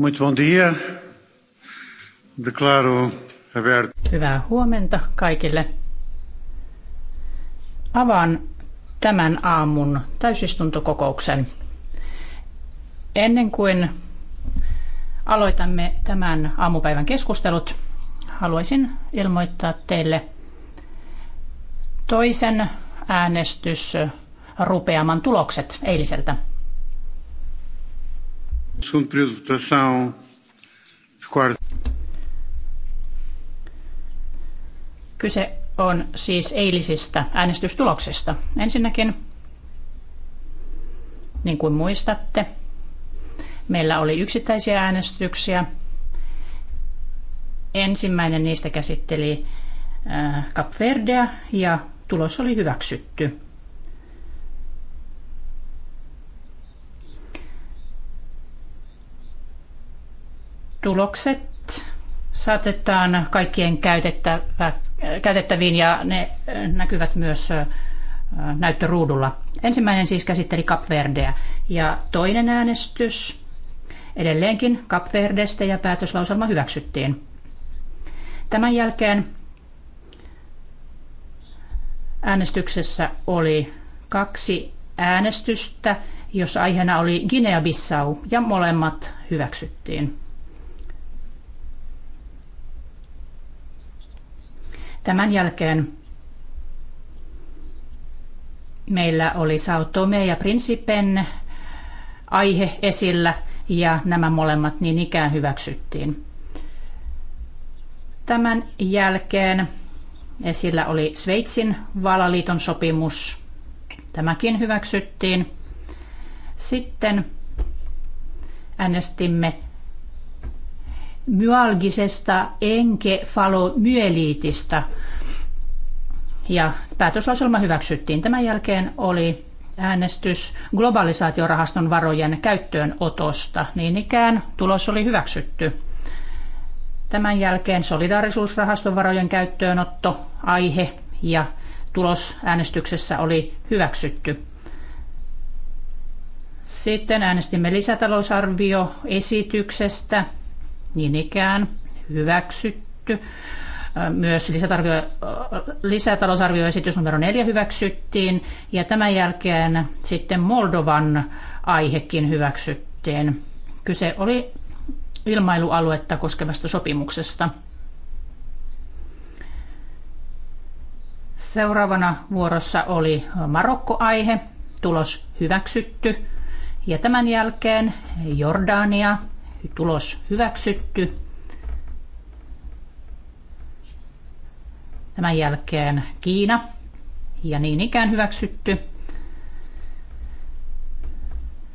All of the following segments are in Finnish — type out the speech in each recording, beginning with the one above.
Muito bom dia. Declaro aberto. Hyvää huomenta kaikille. Avaan tämän aamun täysistuntokokouksen. Ennen kuin aloitamme tämän aamupäivän keskustelut, haluaisin ilmoittaa teille toisen äänestysrupeaman tulokset eiliseltä. Segundo período de votação de Kyse on siis eilisistä äänestystuloksesta. Ensinnäkin, niin kuin muistatte, meillä oli yksittäisiä äänestyksiä. Ensimmäinen niistä käsitteli äh, Kapverdeä ja tulos oli hyväksytty. Tulokset saatetaan kaikkien käytettävä, käytettäviin ja ne näkyvät myös näyttöruudulla. Ensimmäinen siis käsitteli Kapverdeä ja toinen äänestys edelleenkin Kapverdestä ja päätöslauselma hyväksyttiin. Tämän jälkeen äänestyksessä oli kaksi äänestystä, jossa aiheena oli Guinea-Bissau ja molemmat hyväksyttiin. Tämän jälkeen meillä oli Sao Tome ja Principen aihe esillä ja nämä molemmat niin ikään hyväksyttiin. Tämän jälkeen esillä oli Sveitsin valaliiton sopimus. Tämäkin hyväksyttiin. Sitten äänestimme myalgisesta enkefalomyeliitistä. Ja päätöslauselma hyväksyttiin. Tämän jälkeen oli äänestys globalisaatiorahaston varojen käyttöönotosta. Niin ikään tulos oli hyväksytty. Tämän jälkeen solidaarisuusrahaston varojen käyttöönotto, aihe ja tulos äänestyksessä oli hyväksytty. Sitten äänestimme lisätalousarvioesityksestä niin ikään hyväksytty. Myös lisätarvio, lisätalousarvioesitys numero neljä hyväksyttiin ja tämän jälkeen sitten Moldovan aihekin hyväksyttiin. Kyse oli ilmailualuetta koskevasta sopimuksesta. Seuraavana vuorossa oli Marokko-aihe, tulos hyväksytty. Ja tämän jälkeen Jordania, tulos hyväksytty. Tämän jälkeen Kiina ja niin ikään hyväksytty.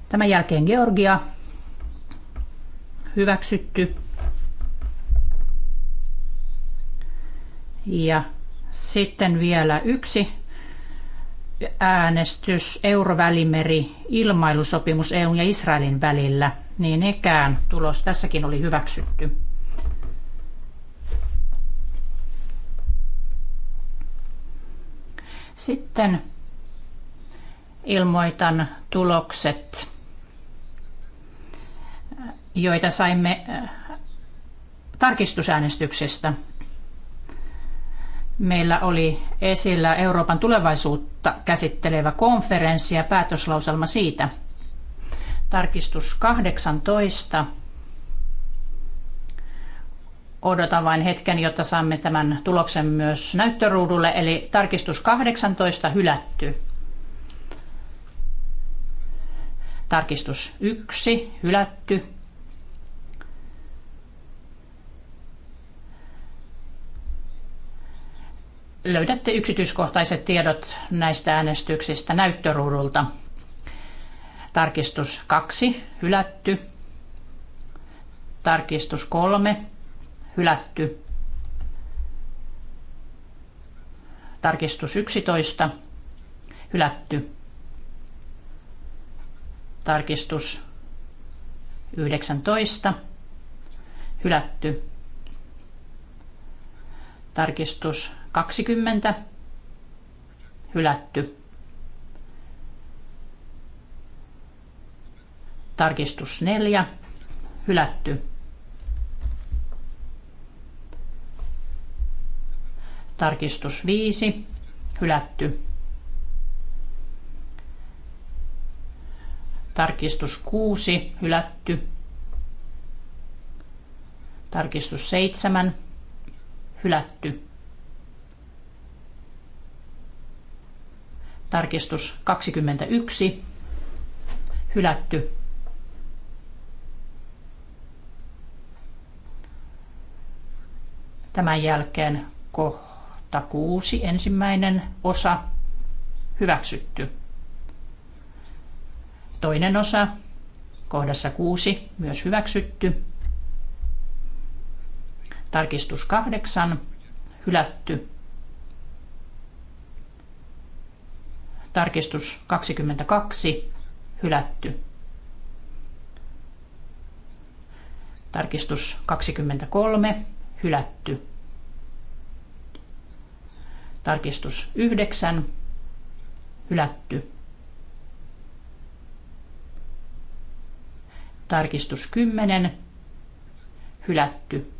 Tämän jälkeen Georgia hyväksytty. Ja sitten vielä yksi äänestys Eurovälimeri ilmailusopimus EUn ja Israelin välillä – niin ikään tulos tässäkin oli hyväksytty. Sitten ilmoitan tulokset, joita saimme äh, tarkistusäänestyksestä. Meillä oli esillä Euroopan tulevaisuutta käsittelevä konferenssi ja päätöslauselma siitä – Tarkistus 18. Odotan vain hetken, jotta saamme tämän tuloksen myös näyttöruudulle, eli tarkistus 18 hylätty. Tarkistus 1 hylätty. Löydätte yksityiskohtaiset tiedot näistä äänestyksistä näyttöruudulta. Tarkistus 2, hylätty. Tarkistus 3, hylätty. Tarkistus 11, hylätty. Tarkistus 19, hylätty. Tarkistus 20, hylätty. Tarkistus 4. Hylätty. Tarkistus 5. Hylätty. Tarkistus 6. Hylätty. Tarkistus 7. Hylätty. Tarkistus 21. Hylätty. Tämän jälkeen kohta kuusi, ensimmäinen osa, hyväksytty. Toinen osa, kohdassa kuusi, myös hyväksytty. Tarkistus kahdeksan, hylätty. Tarkistus 22, hylätty. Tarkistus 23, hylätty. Tarkistus 9 hylätty. Tarkistus 10 hylätty.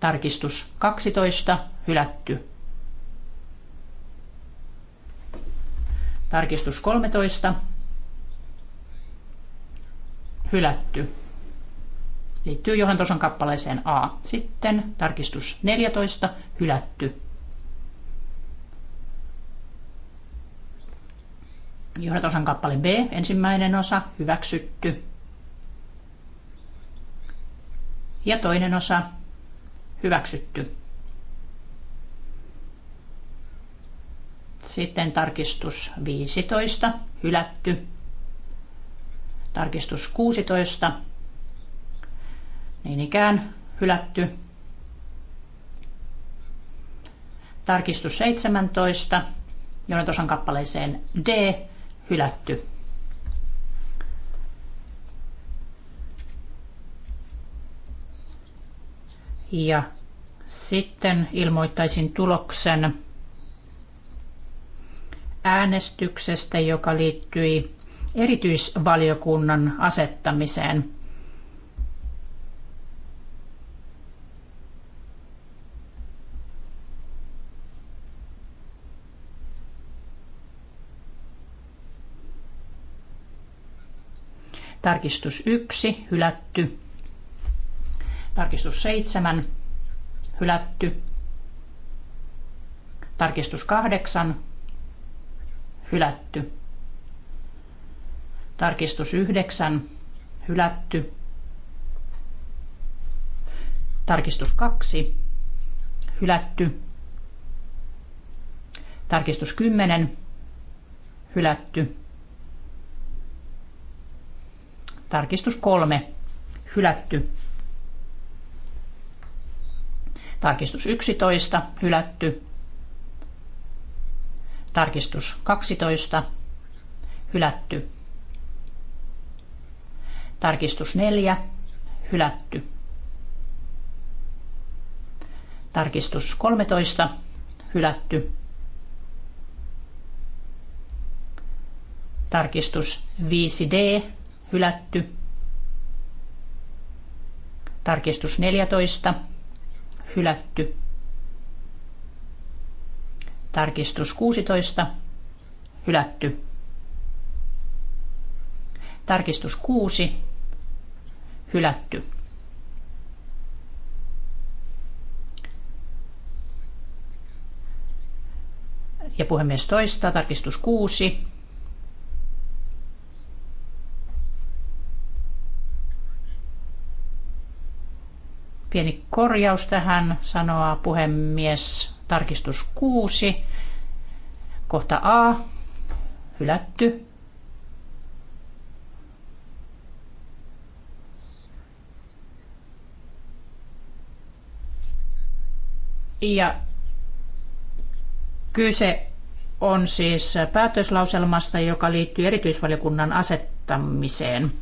Tarkistus 12 hylätty. Tarkistus 13 hylätty liittyy Johan Toson kappaleeseen A. Sitten tarkistus 14, hylätty. Johan Toson kappale B, ensimmäinen osa, hyväksytty. Ja toinen osa, hyväksytty. Sitten tarkistus 15, hylätty. Tarkistus 16, niin ikään hylätty. Tarkistus 17. Jonotosan kappaleeseen D. Hylätty. Ja sitten ilmoittaisin tuloksen äänestyksestä, joka liittyi erityisvaliokunnan asettamiseen. Tarkistus 1, hylätty. Tarkistus 7, hylätty. Tarkistus 8, hylätty. Tarkistus 9, hylätty. Tarkistus 2, hylätty. Tarkistus 10, hylätty. Tarkistus 3. hylätty. Tarkistus 11 hylätty. Tarkistus 12 hylätty. Tarkistus 4 hylätty. Tarkistus 13 hylätty. Tarkistus 5D hylätty. Tarkistus 14, hylätty. Tarkistus 16, hylätty. Tarkistus 6, hylätty. Ja puhemies toista, tarkistus 6, Pieni korjaus tähän, sanoa puhemies. Tarkistus 6. Kohta A. Hylätty. Ja kyse on siis päätöslauselmasta, joka liittyy erityisvaliokunnan asettamiseen.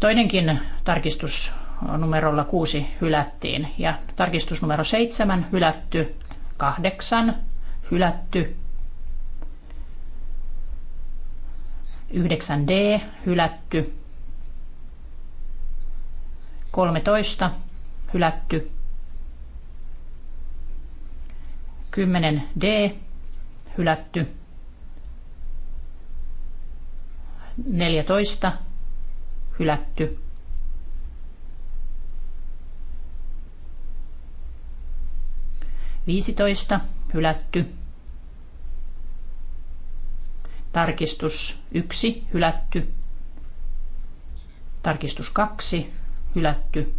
Toinenkin tarkistus numerolla 6 hylättiin ja tarkistus numero 7 hylätty, 8 hylätty, 9D hylätty, 13 hylätty, 10D hylätty, 14 hylätty, 15 hylätty. Tarkistus 1 hylätty. Tarkistus 2 hylätty.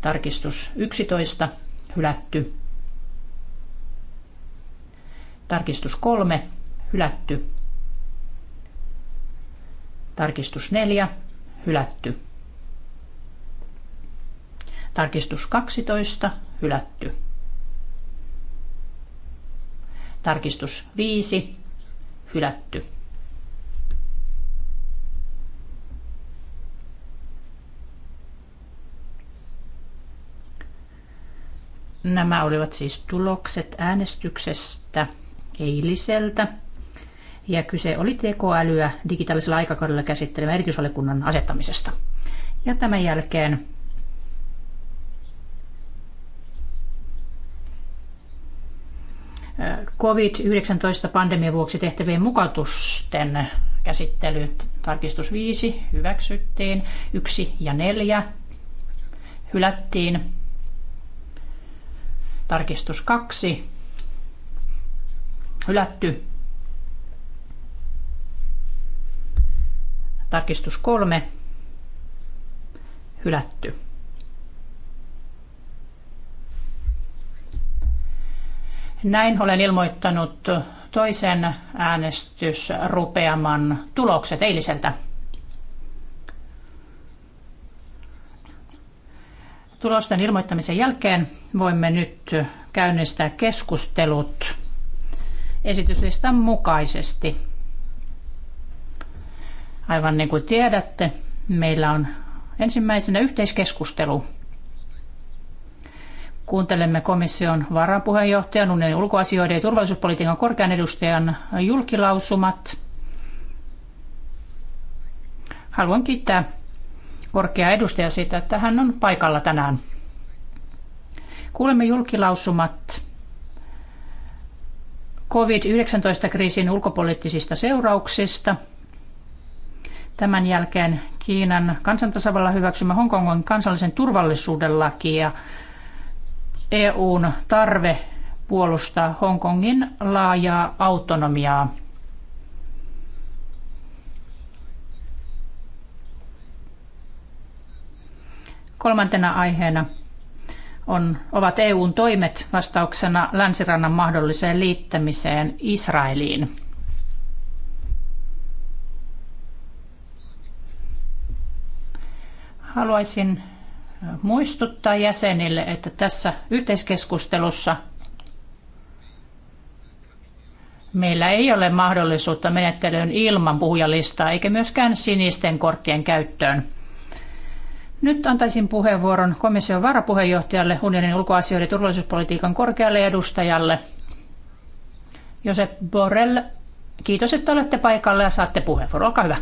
Tarkistus 11 hylätty. Tarkistus 3 hylätty. Tarkistus 4 hylätty. Tarkistus 12, hylätty. Tarkistus 5, hylätty. Nämä olivat siis tulokset äänestyksestä eiliseltä. Ja kyse oli tekoälyä digitaalisella aikakaudella käsittelemään erityisvaliokunnan asettamisesta. Ja tämän jälkeen COVID-19-pandemian vuoksi tehtävien mukautusten käsittely. Tarkistus 5 hyväksyttiin, 1 ja 4 hylättiin. Tarkistus 2 hylätty. Tarkistus 3 hylätty. Näin olen ilmoittanut toisen äänestysrupeaman tulokset eiliseltä. Tulosten ilmoittamisen jälkeen voimme nyt käynnistää keskustelut esityslistan mukaisesti. Aivan niin kuin tiedätte, meillä on ensimmäisenä yhteiskeskustelu kuuntelemme komission varapuheenjohtajan, unionin ulkoasioiden ja turvallisuuspolitiikan korkean edustajan julkilausumat. Haluan kiittää korkeaa edustajaa siitä, että hän on paikalla tänään. Kuulemme julkilausumat COVID-19-kriisin ulkopoliittisista seurauksista. Tämän jälkeen Kiinan kansantasavalla hyväksymä Hongkongin kansallisen turvallisuuden laki ja EUn tarve puolustaa Hongkongin laajaa autonomiaa. Kolmantena aiheena on, ovat EUn toimet vastauksena länsirannan mahdolliseen liittämiseen Israeliin. Haluaisin muistuttaa jäsenille, että tässä yhteiskeskustelussa meillä ei ole mahdollisuutta menettelyyn ilman puhujalistaa eikä myöskään sinisten korttien käyttöön. Nyt antaisin puheenvuoron komission varapuheenjohtajalle, unionin ulkoasioiden ja turvallisuuspolitiikan korkealle edustajalle, Josep Borrell. Kiitos, että olette paikalla ja saatte puheenvuoron. Olkaa hyvä.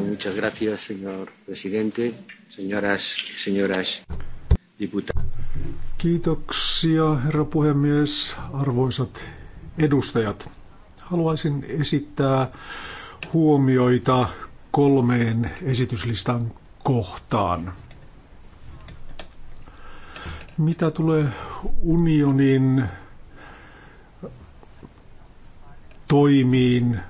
muchas gracias, señor presidente, señoras y Kiitoksia, herra puhemies, arvoisat edustajat. Haluaisin esittää huomioita kolmeen esityslistan kohtaan. Mitä tulee unionin toimiin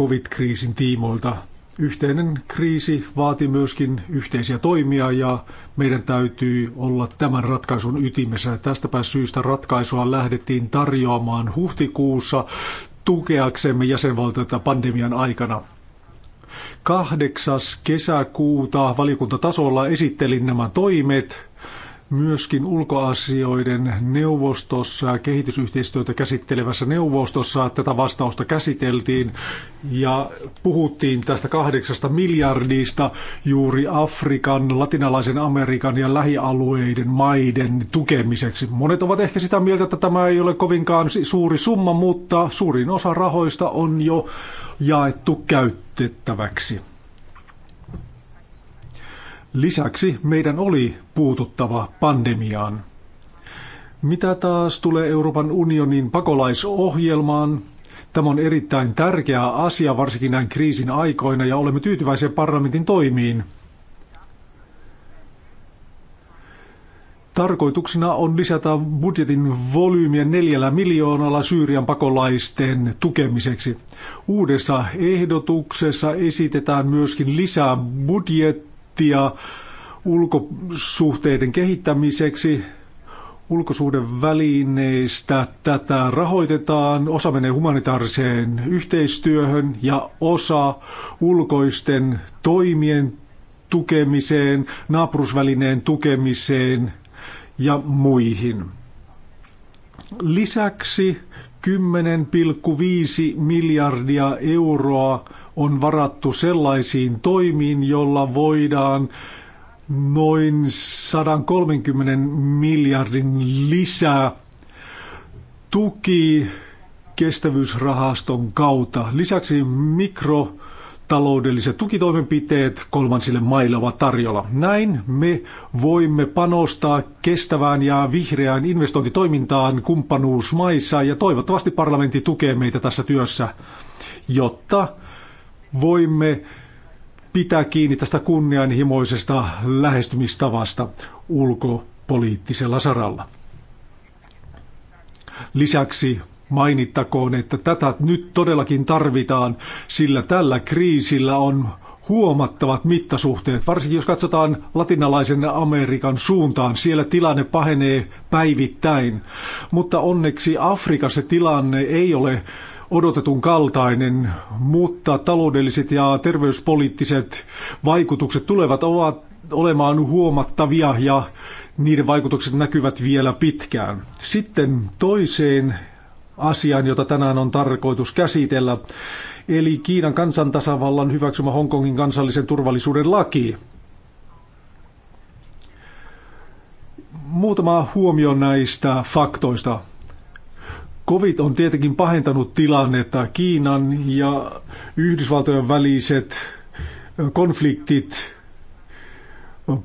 COVID-kriisin tiimoilta. Yhteinen kriisi vaati myöskin yhteisiä toimia ja meidän täytyy olla tämän ratkaisun ytimessä. Tästäpä syystä ratkaisua lähdettiin tarjoamaan huhtikuussa tukeaksemme jäsenvaltioita pandemian aikana. 8. kesäkuuta valiokuntatasolla esittelin nämä toimet myöskin ulkoasioiden neuvostossa ja kehitysyhteistyötä käsittelevässä neuvostossa tätä vastausta käsiteltiin ja puhuttiin tästä kahdeksasta miljardista juuri Afrikan, latinalaisen Amerikan ja lähialueiden maiden tukemiseksi. Monet ovat ehkä sitä mieltä, että tämä ei ole kovinkaan suuri summa, mutta suurin osa rahoista on jo jaettu käyttöön käytettäväksi. Lisäksi meidän oli puututtava pandemiaan. Mitä taas tulee Euroopan unionin pakolaisohjelmaan, Tämä on erittäin tärkeä asia, varsinkin näin kriisin aikoina, ja olemme tyytyväisiä parlamentin toimiin. Tarkoituksena on lisätä budjetin volyymiä neljällä miljoonalla Syyrian pakolaisten tukemiseksi. Uudessa ehdotuksessa esitetään myöskin lisää budjettia pakettia ulkosuhteiden kehittämiseksi. Ulkosuuden välineistä tätä rahoitetaan, osa menee humanitaariseen yhteistyöhön ja osa ulkoisten toimien tukemiseen, naapurusvälineen tukemiseen ja muihin. Lisäksi 10,5 miljardia euroa on varattu sellaisiin toimiin, joilla voidaan noin 130 miljardin lisää tuki kestävyysrahaston kautta. Lisäksi mikro taloudelliset tukitoimenpiteet kolmansille maille ovat tarjolla. Näin me voimme panostaa kestävään ja vihreään investointitoimintaan kumppanuusmaissa ja toivottavasti parlamentti tukee meitä tässä työssä, jotta voimme pitää kiinni tästä kunnianhimoisesta lähestymistavasta ulkopoliittisella saralla. Lisäksi mainittakoon, että tätä nyt todellakin tarvitaan, sillä tällä kriisillä on huomattavat mittasuhteet, varsinkin jos katsotaan latinalaisen Amerikan suuntaan. Siellä tilanne pahenee päivittäin, mutta onneksi Afrikassa tilanne ei ole odotetun kaltainen, mutta taloudelliset ja terveyspoliittiset vaikutukset tulevat ovat olemaan huomattavia ja niiden vaikutukset näkyvät vielä pitkään. Sitten toiseen asiaan, jota tänään on tarkoitus käsitellä, eli Kiinan kansantasavallan hyväksymä Hongkongin kansallisen turvallisuuden laki. Muutama huomio näistä faktoista. Covid on tietenkin pahentanut tilannetta. Kiinan ja Yhdysvaltojen väliset konfliktit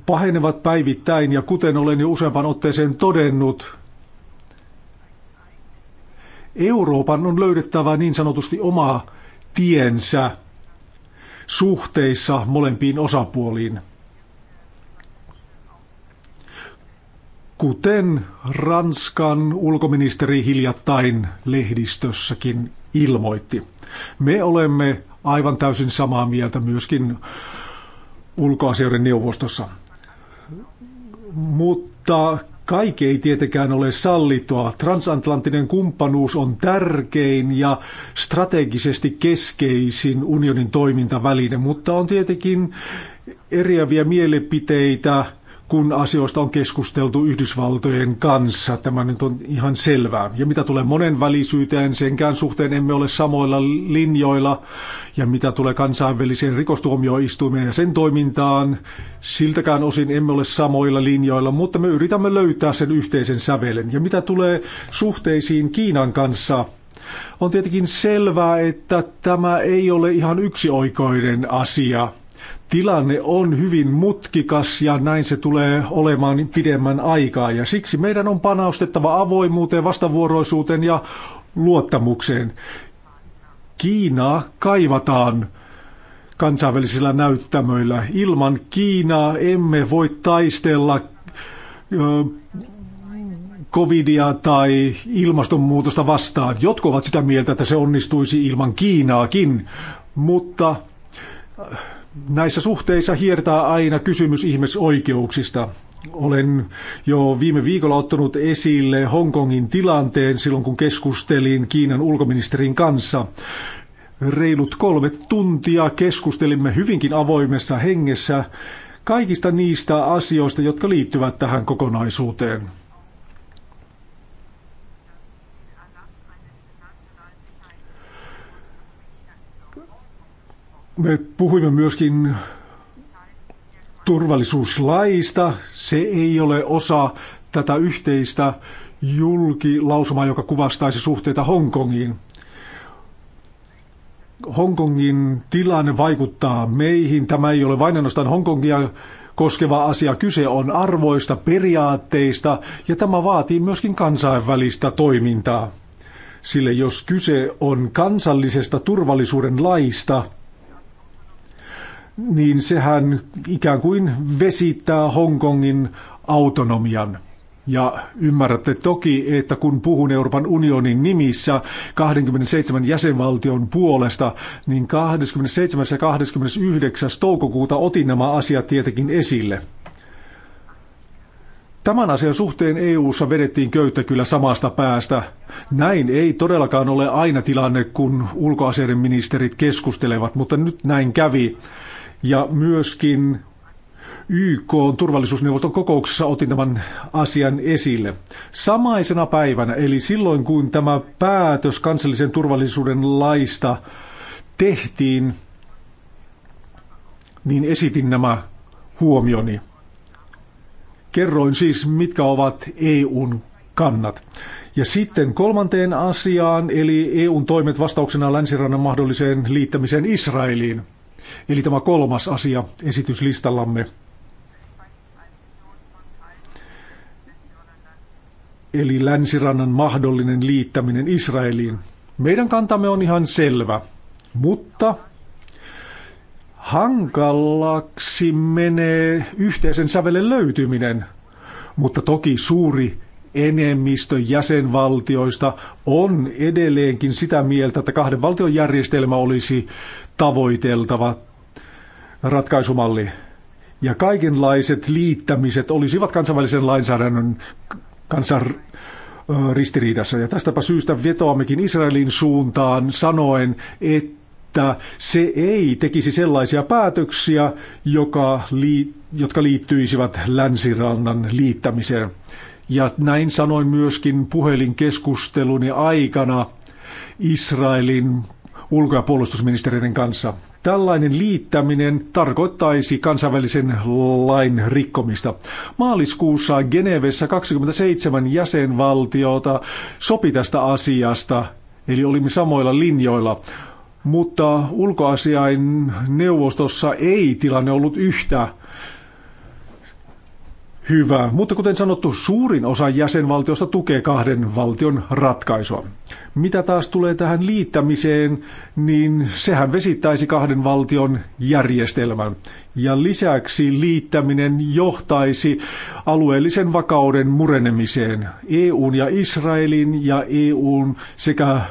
pahenevat päivittäin ja kuten olen jo useampaan otteeseen todennut, Euroopan on löydettävä niin sanotusti omaa tiensä suhteissa molempiin osapuoliin. kuten Ranskan ulkoministeri hiljattain lehdistössäkin ilmoitti. Me olemme aivan täysin samaa mieltä myöskin ulkoasioiden neuvostossa. Mutta kaikki ei tietenkään ole sallittua. Transatlanttinen kumppanuus on tärkein ja strategisesti keskeisin unionin toimintaväline, mutta on tietenkin eriäviä mielipiteitä kun asioista on keskusteltu Yhdysvaltojen kanssa. Tämä nyt on ihan selvää. Ja mitä tulee monenvälisyyteen, senkään suhteen emme ole samoilla linjoilla. Ja mitä tulee kansainväliseen rikostuomioistuimeen ja sen toimintaan, siltäkään osin emme ole samoilla linjoilla, mutta me yritämme löytää sen yhteisen sävelen. Ja mitä tulee suhteisiin Kiinan kanssa, on tietenkin selvää, että tämä ei ole ihan yksioikoinen asia – tilanne on hyvin mutkikas ja näin se tulee olemaan pidemmän aikaa. Ja siksi meidän on panostettava avoimuuteen, vastavuoroisuuteen ja luottamukseen. Kiinaa kaivataan kansainvälisillä näyttämöillä. Ilman Kiinaa emme voi taistella covidia tai ilmastonmuutosta vastaan. Jotkut ovat sitä mieltä, että se onnistuisi ilman Kiinaakin, mutta näissä suhteissa hiertää aina kysymys ihmisoikeuksista. Olen jo viime viikolla ottanut esille Hongkongin tilanteen silloin, kun keskustelin Kiinan ulkoministerin kanssa. Reilut kolme tuntia keskustelimme hyvinkin avoimessa hengessä kaikista niistä asioista, jotka liittyvät tähän kokonaisuuteen. Me puhuimme myöskin turvallisuuslaista. Se ei ole osa tätä yhteistä julkilausumaa, joka kuvastaisi suhteita Hongkongiin. Hongkongin tilanne vaikuttaa meihin. Tämä ei ole vain ainoastaan Hongkongia koskeva asia. Kyse on arvoista, periaatteista ja tämä vaatii myöskin kansainvälistä toimintaa. Sille jos kyse on kansallisesta turvallisuuden laista, niin sehän ikään kuin vesittää Hongkongin autonomian. Ja ymmärrätte toki, että kun puhun Euroopan unionin nimissä 27 jäsenvaltion puolesta, niin 27. ja 29. toukokuuta otin nämä asiat tietenkin esille. Tämän asian suhteen EU-ssa vedettiin köyttä kyllä samasta päästä. Näin ei todellakaan ole aina tilanne, kun ulkoasioiden ministerit keskustelevat, mutta nyt näin kävi. Ja myöskin YK turvallisuusneuvoston kokouksessa otin tämän asian esille. Samaisena päivänä, eli silloin kun tämä päätös kansallisen turvallisuuden laista tehtiin, niin esitin nämä huomioni. Kerroin siis, mitkä ovat EUn kannat. Ja sitten kolmanteen asiaan, eli EUn toimet vastauksena Länsirannan mahdolliseen liittämiseen Israeliin – Eli tämä kolmas asia esityslistallamme. Eli länsirannan mahdollinen liittäminen Israeliin. Meidän kantamme on ihan selvä, mutta hankalaksi menee yhteisen sävelen löytyminen. Mutta toki suuri enemmistö jäsenvaltioista on edelleenkin sitä mieltä, että kahden valtion järjestelmä olisi tavoiteltava ratkaisumalli. Ja kaikenlaiset liittämiset olisivat kansainvälisen lainsäädännön kanssa ristiriidassa. Ja tästäpä syystä vetoammekin Israelin suuntaan sanoen, että se ei tekisi sellaisia päätöksiä, joka lii, jotka liittyisivät länsirannan liittämiseen. Ja näin sanoin myöskin puhelinkeskusteluni aikana Israelin ulko- ja puolustusministeriöiden kanssa. Tällainen liittäminen tarkoittaisi kansainvälisen lain rikkomista. Maaliskuussa Genevessä 27 jäsenvaltiota sopi tästä asiasta, eli olimme samoilla linjoilla. Mutta ulkoasiain neuvostossa ei tilanne ollut yhtä hyvä, mutta kuten sanottu, suurin osa jäsenvaltiosta tukee kahden valtion ratkaisua. Mitä taas tulee tähän liittämiseen, niin sehän vesittäisi kahden valtion järjestelmän. Ja lisäksi liittäminen johtaisi alueellisen vakauden murenemiseen EUn ja Israelin ja EUn sekä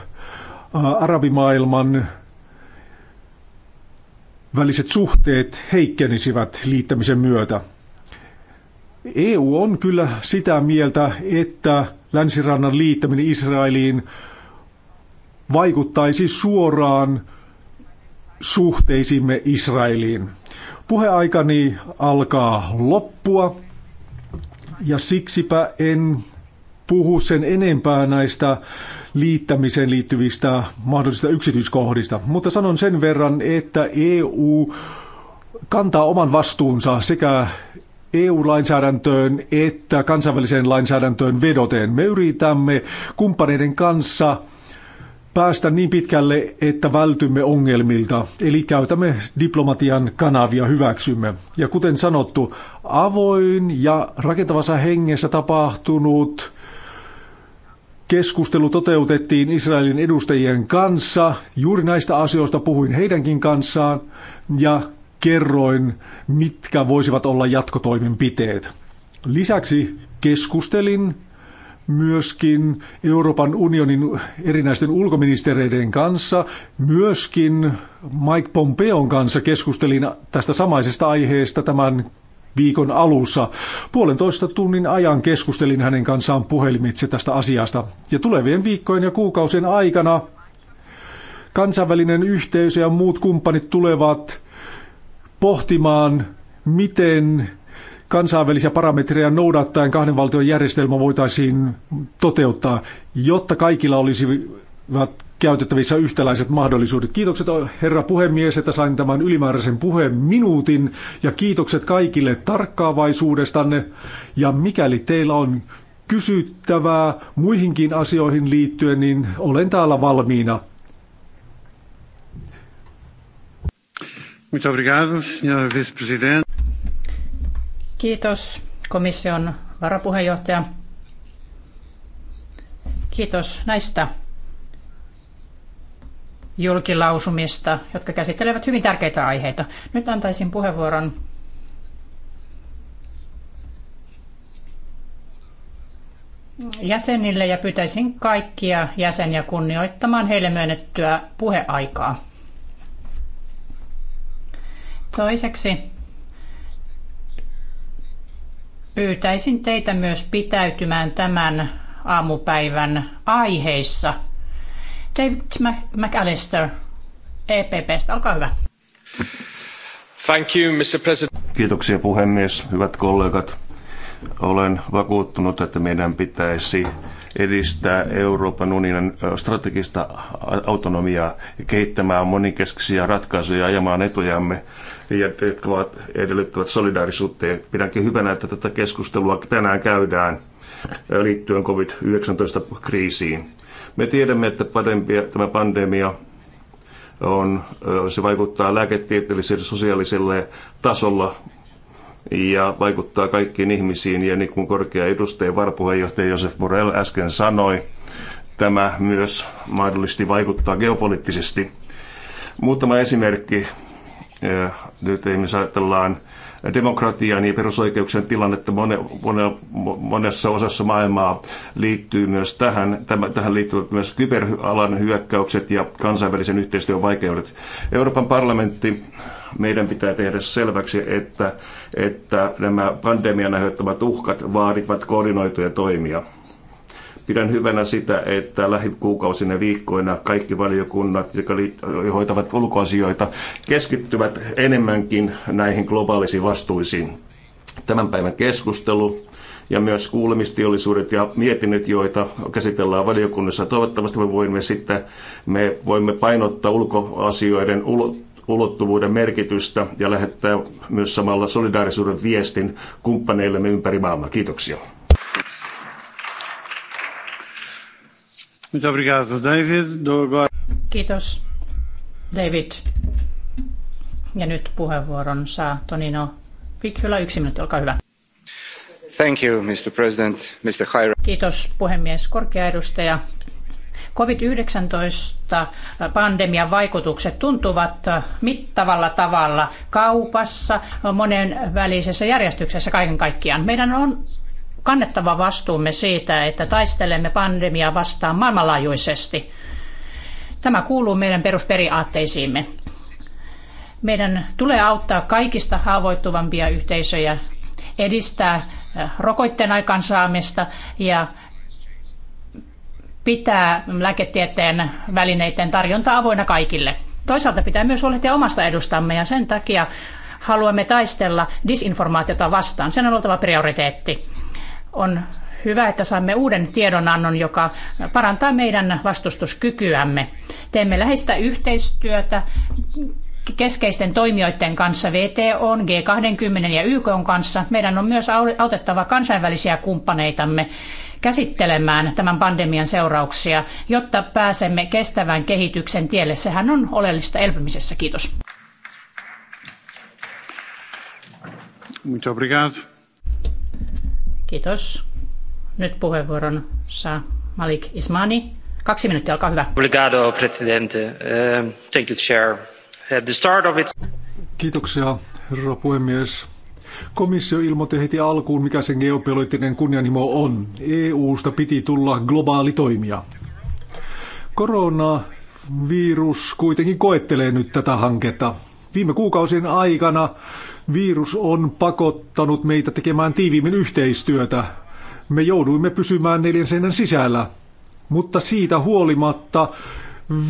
arabimaailman väliset suhteet heikkenisivät liittämisen myötä. EU on kyllä sitä mieltä, että länsirannan liittäminen Israeliin vaikuttaisi suoraan suhteisimme Israeliin. Puheaikani alkaa loppua ja siksipä en puhu sen enempää näistä liittämiseen liittyvistä mahdollisista yksityiskohdista, mutta sanon sen verran, että EU kantaa oman vastuunsa sekä EU-lainsäädäntöön että kansainväliseen lainsäädäntöön vedoten. Me yritämme kumppaneiden kanssa päästä niin pitkälle, että vältymme ongelmilta, eli käytämme diplomatian kanavia hyväksymme. Ja kuten sanottu, avoin ja rakentavassa hengessä tapahtunut keskustelu toteutettiin Israelin edustajien kanssa. Juuri näistä asioista puhuin heidänkin kanssaan ja kerroin, mitkä voisivat olla jatkotoimenpiteet. Lisäksi keskustelin myöskin Euroopan unionin erinäisten ulkoministereiden kanssa, myöskin Mike Pompeon kanssa keskustelin tästä samaisesta aiheesta tämän viikon alussa. Puolentoista tunnin ajan keskustelin hänen kanssaan puhelimitse tästä asiasta. Ja tulevien viikkojen ja kuukausien aikana kansainvälinen yhteisö ja muut kumppanit tulevat pohtimaan, miten kansainvälisiä parametreja noudattaen kahden valtion järjestelmä voitaisiin toteuttaa, jotta kaikilla olisi käytettävissä yhtäläiset mahdollisuudet. Kiitokset herra puhemies, että sain tämän ylimääräisen puheen minuutin ja kiitokset kaikille tarkkaavaisuudestanne. Ja mikäli teillä on kysyttävää muihinkin asioihin liittyen, niin olen täällä valmiina. Kiitos komission varapuheenjohtaja. Kiitos näistä julkilausumista, jotka käsittelevät hyvin tärkeitä aiheita. Nyt antaisin puheenvuoron jäsenille ja pyytäisin kaikkia jäseniä kunnioittamaan heille myönnettyä puheaikaa. Toiseksi pyytäisin teitä myös pitäytymään tämän aamupäivän aiheissa. David McAllister, EPPstä, olkaa hyvä. Thank you, Mr. President. Kiitoksia puhemies, hyvät kollegat. Olen vakuuttunut, että meidän pitäisi edistää Euroopan unionin strategista autonomiaa kehittämään monikeskisiä ratkaisuja ajamaan etujamme, jotka ovat edellyttävät solidaarisuutta. Ja pidänkin hyvänä, että tätä keskustelua tänään käydään liittyen COVID-19-kriisiin. Me tiedämme, että tämä pandemia on, se vaikuttaa lääketieteellisellä ja tasolla ja vaikuttaa kaikkiin ihmisiin. Ja niin kuin korkea edustaja varapuheenjohtaja Josef Borrell äsken sanoi, tämä myös mahdollisesti vaikuttaa geopoliittisesti. Muutama esimerkki. Nyt esimerkiksi ajatellaan demokratian ja perusoikeuksien tilannetta monessa osassa maailmaa liittyy myös tähän. Tähän liittyvät myös kyberalan hyökkäykset ja kansainvälisen yhteistyön vaikeudet. Euroopan parlamentti meidän pitää tehdä selväksi, että, että nämä pandemian aiheuttamat uhkat vaadivat koordinoituja toimia. Pidän hyvänä sitä, että lähikuukausina viikkoina kaikki valiokunnat, jotka hoitavat ulkoasioita, keskittyvät enemmänkin näihin globaalisiin vastuisiin. Tämän päivän keskustelu ja myös kuulemistiollisuudet ja mietinnöt, joita käsitellään valiokunnassa. Toivottavasti me voimme sitten me voimme painottaa ulkoasioiden ulo, ulottuvuuden merkitystä ja lähettää myös samalla solidaarisuuden viestin kumppaneillemme ympäri maailmaa. Kiitoksia. Kiitos, David. Ja nyt puheenvuoron saa Tonino Pikkylä. Yksi minuutti, olkaa hyvä. Thank you, Mr. President, Mr. High... Kiitos puhemies, korkea edustaja, COVID-19-pandemian vaikutukset tuntuvat mittavalla tavalla kaupassa, monen välisessä järjestyksessä kaiken kaikkiaan. Meidän on kannettava vastuumme siitä, että taistelemme pandemiaa vastaan maailmanlaajuisesti. Tämä kuuluu meidän perusperiaatteisiimme. Meidän tulee auttaa kaikista haavoittuvampia yhteisöjä, edistää rokotteen aikaansaamista ja pitää lääketieteen välineiden tarjonta avoinna kaikille. Toisaalta pitää myös huolehtia omasta edustamme ja sen takia haluamme taistella disinformaatiota vastaan. Sen on oltava prioriteetti. On hyvä, että saamme uuden tiedonannon, joka parantaa meidän vastustuskykyämme. Teemme läheistä yhteistyötä keskeisten toimijoiden kanssa, VTO, G20 ja YK kanssa. Meidän on myös autettava kansainvälisiä kumppaneitamme käsittelemään tämän pandemian seurauksia, jotta pääsemme kestävän kehityksen tielle. Sehän on oleellista elpymisessä. Kiitos. Muito obrigado. Kiitos. Nyt puheenvuoron saa Malik Ismani. Kaksi minuuttia, olkaa hyvä. Obrigado, presidente. Uh, thank you, chair. At the start of it... Kiitoksia, herra puhemies. Komissio ilmoitti heti alkuun, mikä sen geopoliittinen kunnianhimo on. EUsta piti tulla globaali toimija. Koronavirus kuitenkin koettelee nyt tätä hanketta. Viime kuukausien aikana virus on pakottanut meitä tekemään tiiviimmin yhteistyötä. Me jouduimme pysymään neljän seinän sisällä, mutta siitä huolimatta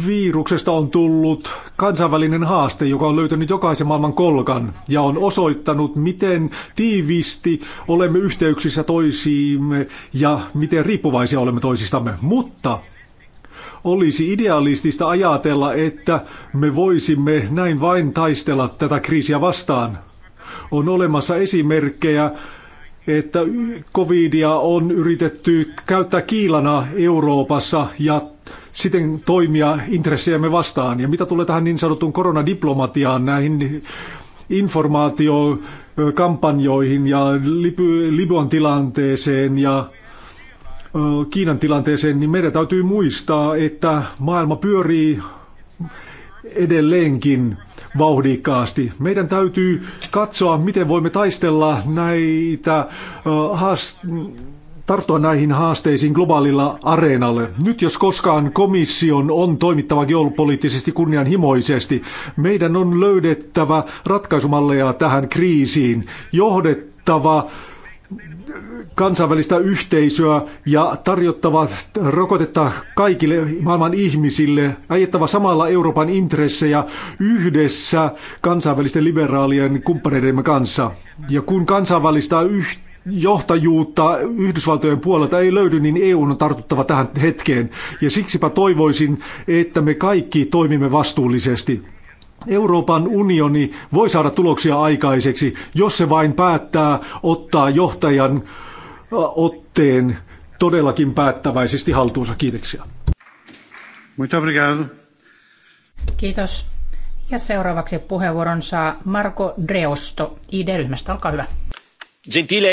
Viruksesta on tullut kansainvälinen haaste, joka on löytänyt jokaisen maailman kolkan ja on osoittanut, miten tiiviisti olemme yhteyksissä toisiimme ja miten riippuvaisia olemme toisistamme. Mutta olisi idealistista ajatella, että me voisimme näin vain taistella tätä kriisiä vastaan. On olemassa esimerkkejä että covidia on yritetty käyttää kiilana Euroopassa ja siten toimia intressejämme vastaan. Ja mitä tulee tähän niin sanotun koronadiplomatiaan, näihin informaatiokampanjoihin ja Libyan tilanteeseen ja Kiinan tilanteeseen, niin meidän täytyy muistaa, että maailma pyörii edelleenkin vauhdikkaasti. Meidän täytyy katsoa, miten voimme taistella näitä äh, haast- tarttua näihin haasteisiin globaalilla areenalle. Nyt jos koskaan komission on toimittava geopoliittisesti kunnianhimoisesti, meidän on löydettävä ratkaisumalleja tähän kriisiin, johdettava kansainvälistä yhteisöä ja tarjottava rokotetta kaikille maailman ihmisille, ajettava samalla Euroopan intressejä yhdessä kansainvälisten liberaalien kumppaneidemme kanssa. Ja kun kansainvälistä yhteisöä johtajuutta Yhdysvaltojen puolelta ei löydy, niin EU on tartuttava tähän hetkeen. Ja siksipä toivoisin, että me kaikki toimimme vastuullisesti. Euroopan unioni voi saada tuloksia aikaiseksi, jos se vain päättää ottaa johtajan äh, otteen todellakin päättäväisesti haltuunsa. Kiitoksia. Muito obrigado. Kiitos. Ja seuraavaksi puheenvuoron saa Marko Dreosto ID-ryhmästä. Olkaa hyvä. Gentile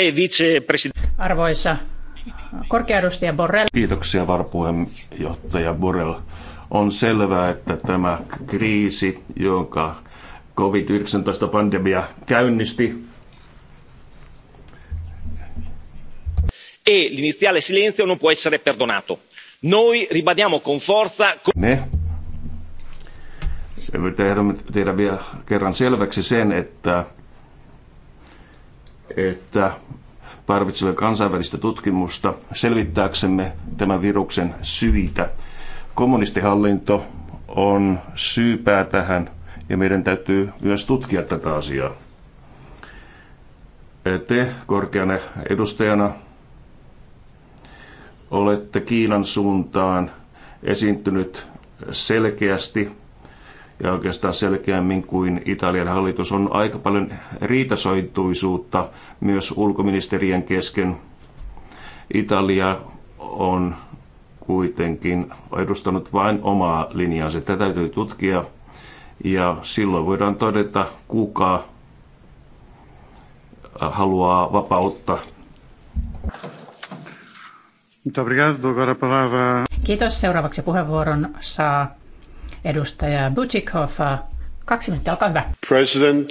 president. Arvoisa korkeadustaja Borrell. Kiitoksia varapuheenjohtaja Borrell. On selvää, että tämä kriisi, jonka COVID-19-pandemia käynnisti, e l'iniziale silenzio non può essere perdonato. Noi ribadiamo con forza... Ne. Tehdään, tehdä vielä kerran selväksi sen, että, että tarvitsemme kansainvälistä tutkimusta selvittääksemme tämän viruksen syitä Kommunistihallinto on syypää tähän ja meidän täytyy myös tutkia tätä asiaa. Te korkeana edustajana olette Kiinan suuntaan esiintynyt selkeästi – ja oikeastaan selkeämmin kuin Italian hallitus on aika paljon riitasoituisuutta myös ulkoministerien kesken. Italia on kuitenkin edustanut vain omaa linjaansa. Tätä täytyy tutkia ja silloin voidaan todeta, kuka äh, haluaa vapautta. Kiitos. Seuraavaksi puheenvuoron saa edustaja Butchikova. Kaksi minuuttia, olkaa hyvä. President,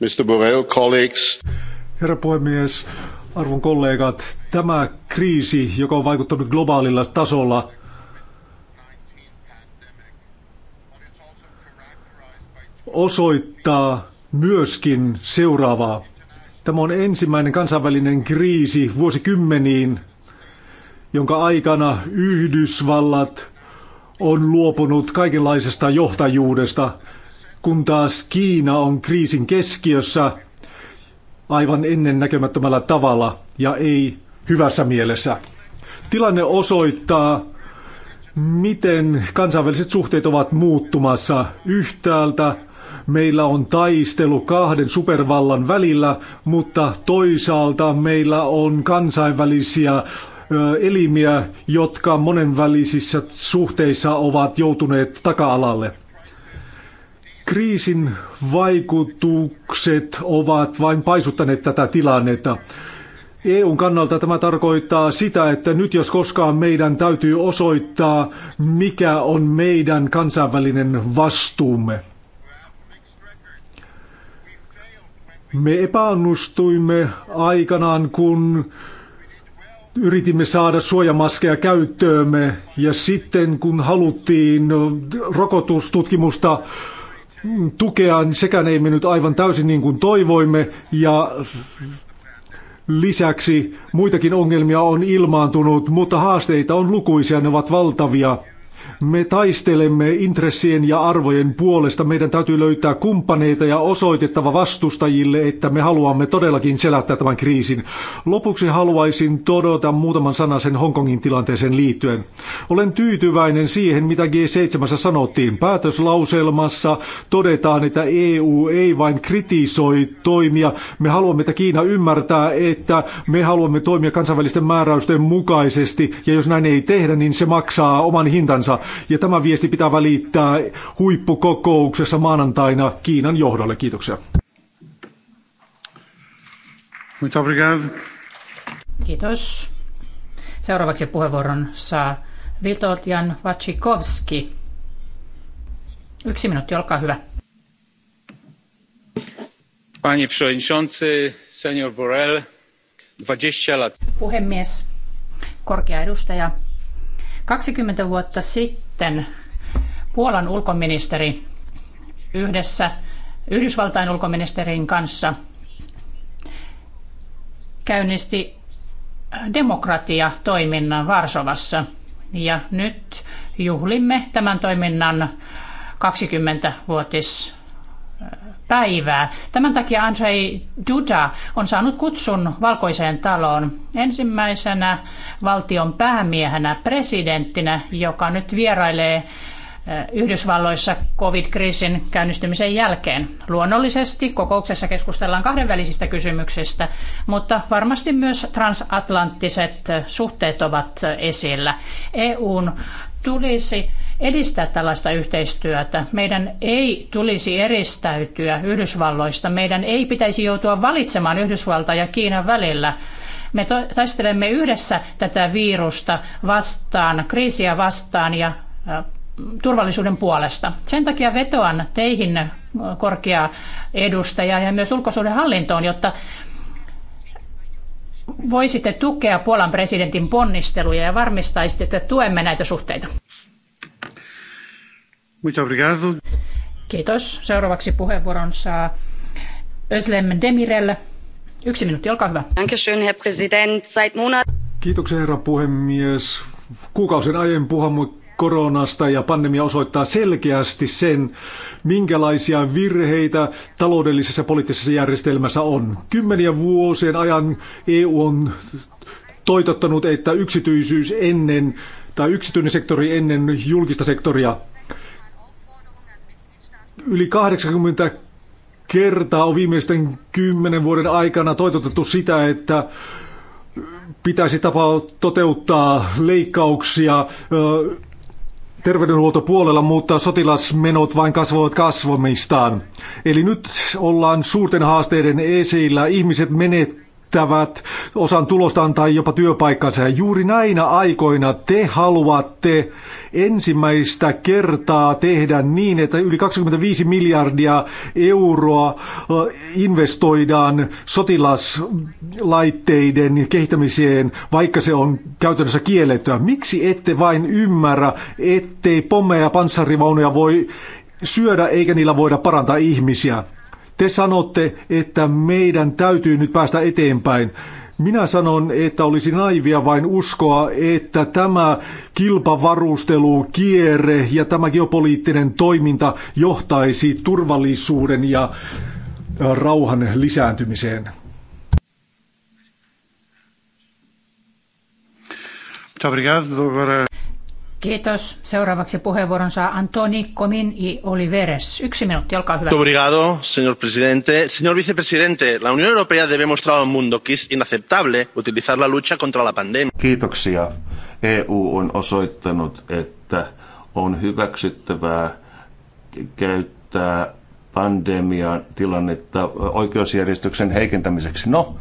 Mr. Borrell, colleagues. Herra puhemies, Arvon kollegat, tämä kriisi, joka on vaikuttanut globaalilla tasolla, osoittaa myöskin seuraavaa. Tämä on ensimmäinen kansainvälinen kriisi vuosikymmeniin, jonka aikana Yhdysvallat on luopunut kaikenlaisesta johtajuudesta, kun taas Kiina on kriisin keskiössä – aivan ennennäkemättömällä tavalla ja ei hyvässä mielessä. Tilanne osoittaa, miten kansainväliset suhteet ovat muuttumassa yhtäältä. Meillä on taistelu kahden supervallan välillä, mutta toisaalta meillä on kansainvälisiä elimiä, jotka monenvälisissä suhteissa ovat joutuneet taka-alalle. Kriisin vaikutukset ovat vain paisuttaneet tätä tilannetta. EUn kannalta tämä tarkoittaa sitä, että nyt jos koskaan meidän täytyy osoittaa, mikä on meidän kansainvälinen vastuumme. Me epäonnistuimme aikanaan, kun yritimme saada suojamaskeja käyttöömme ja sitten kun haluttiin rokotustutkimusta Hmm, tukea, niin sekään ei mennyt aivan täysin niin kuin toivoimme ja lisäksi muitakin ongelmia on ilmaantunut, mutta haasteita on lukuisia, ne ovat valtavia. Me taistelemme intressien ja arvojen puolesta. Meidän täytyy löytää kumppaneita ja osoitettava vastustajille, että me haluamme todellakin selättää tämän kriisin. Lopuksi haluaisin todeta muutaman sanan sen Hongkongin tilanteeseen liittyen. Olen tyytyväinen siihen, mitä G7 sanottiin. Päätöslauselmassa todetaan, että EU ei vain kritisoi toimia. Me haluamme, että Kiina ymmärtää, että me haluamme toimia kansainvälisten määräysten mukaisesti. Ja jos näin ei tehdä, niin se maksaa oman hintansa kanssa, Ja tämä viesti pitää välittää huippukokouksessa maanantaina Kiinan johdolle. Kiitoksia. Muito obrigado. Kiitos. Seuraavaksi puheenvuoron saa Vitotjan Vatsikovski. Yksi minuutti, olkaa hyvä. Panie przewodniczący, senior Borrell, 20 lat. Puhemies, korkea edustaja, 20 vuotta sitten Puolan ulkoministeri yhdessä Yhdysvaltain ulkoministerin kanssa käynnisti demokratiatoiminnan Varsovassa. Ja nyt juhlimme tämän toiminnan 20-vuotis päivää. Tämän takia Andrei Duda on saanut kutsun valkoiseen taloon ensimmäisenä valtion päämiehenä, presidenttinä, joka nyt vierailee eh, Yhdysvalloissa covid-kriisin käynnistymisen jälkeen. Luonnollisesti kokouksessa keskustellaan kahdenvälisistä kysymyksistä, mutta varmasti myös transatlanttiset eh, suhteet ovat eh, esillä. EUn tulisi edistää tällaista yhteistyötä. Meidän ei tulisi eristäytyä Yhdysvalloista. Meidän ei pitäisi joutua valitsemaan Yhdysvaltain ja Kiinan välillä. Me taistelemme yhdessä tätä virusta vastaan, kriisiä vastaan ja turvallisuuden puolesta. Sen takia vetoan teihin korkea edustaja ja myös ulkosuhdehallintoon, jotta voisitte tukea Puolan presidentin ponnisteluja ja varmistaisitte, että tuemme näitä suhteita. Muito obrigado. Kiitos. Seuraavaksi puheenvuoron saa Özlem Demirel. Yksi minuutti, olkaa hyvä. Dankeschön, Herr Präsident. Seit Monat... Kiitoksia, herra puhemies. Kuukausien ajan puhamme koronasta ja pandemia osoittaa selkeästi sen, minkälaisia virheitä taloudellisessa ja poliittisessa järjestelmässä on. Kymmeniä vuosien ajan EU on toitottanut, että yksityisyys ennen tai yksityinen sektori ennen julkista sektoria Yli 80 kertaa on viimeisten kymmenen vuoden aikana toitotettu sitä, että pitäisi tapa toteuttaa leikkauksia terveydenhuoltopuolella, mutta sotilasmenot vain kasvavat kasvamistaan. Eli nyt ollaan suurten haasteiden esillä. Ihmiset menet menettävät osan tulostaan tai jopa työpaikkansa. Ja juuri näinä aikoina te haluatte ensimmäistä kertaa tehdä niin, että yli 25 miljardia euroa investoidaan sotilaslaitteiden kehittämiseen, vaikka se on käytännössä kiellettyä. Miksi ette vain ymmärrä, ettei pommeja ja panssarivaunuja voi syödä eikä niillä voida parantaa ihmisiä? Te sanotte, että meidän täytyy nyt päästä eteenpäin. Minä sanon, että olisi naivia vain uskoa, että tämä kilpavarustelu, kierre ja tämä geopoliittinen toiminta johtaisi turvallisuuden ja rauhan lisääntymiseen. Kiitos. Seuraavaksi puheenvuoron saa Antoni Comin y Oliveres. Yksi minuutti, olkaa hyvä. Obrigado, señor presidente. Señor vicepresidente, la Unión Europea debe mostrar al mundo que es inaceptable utilizar la lucha contra la pandemia. Kiitoksia. EU on osoittanut, että on hyväksyttävää käyttää pandemian tilannetta oikeusjärjestyksen heikentämiseksi. No,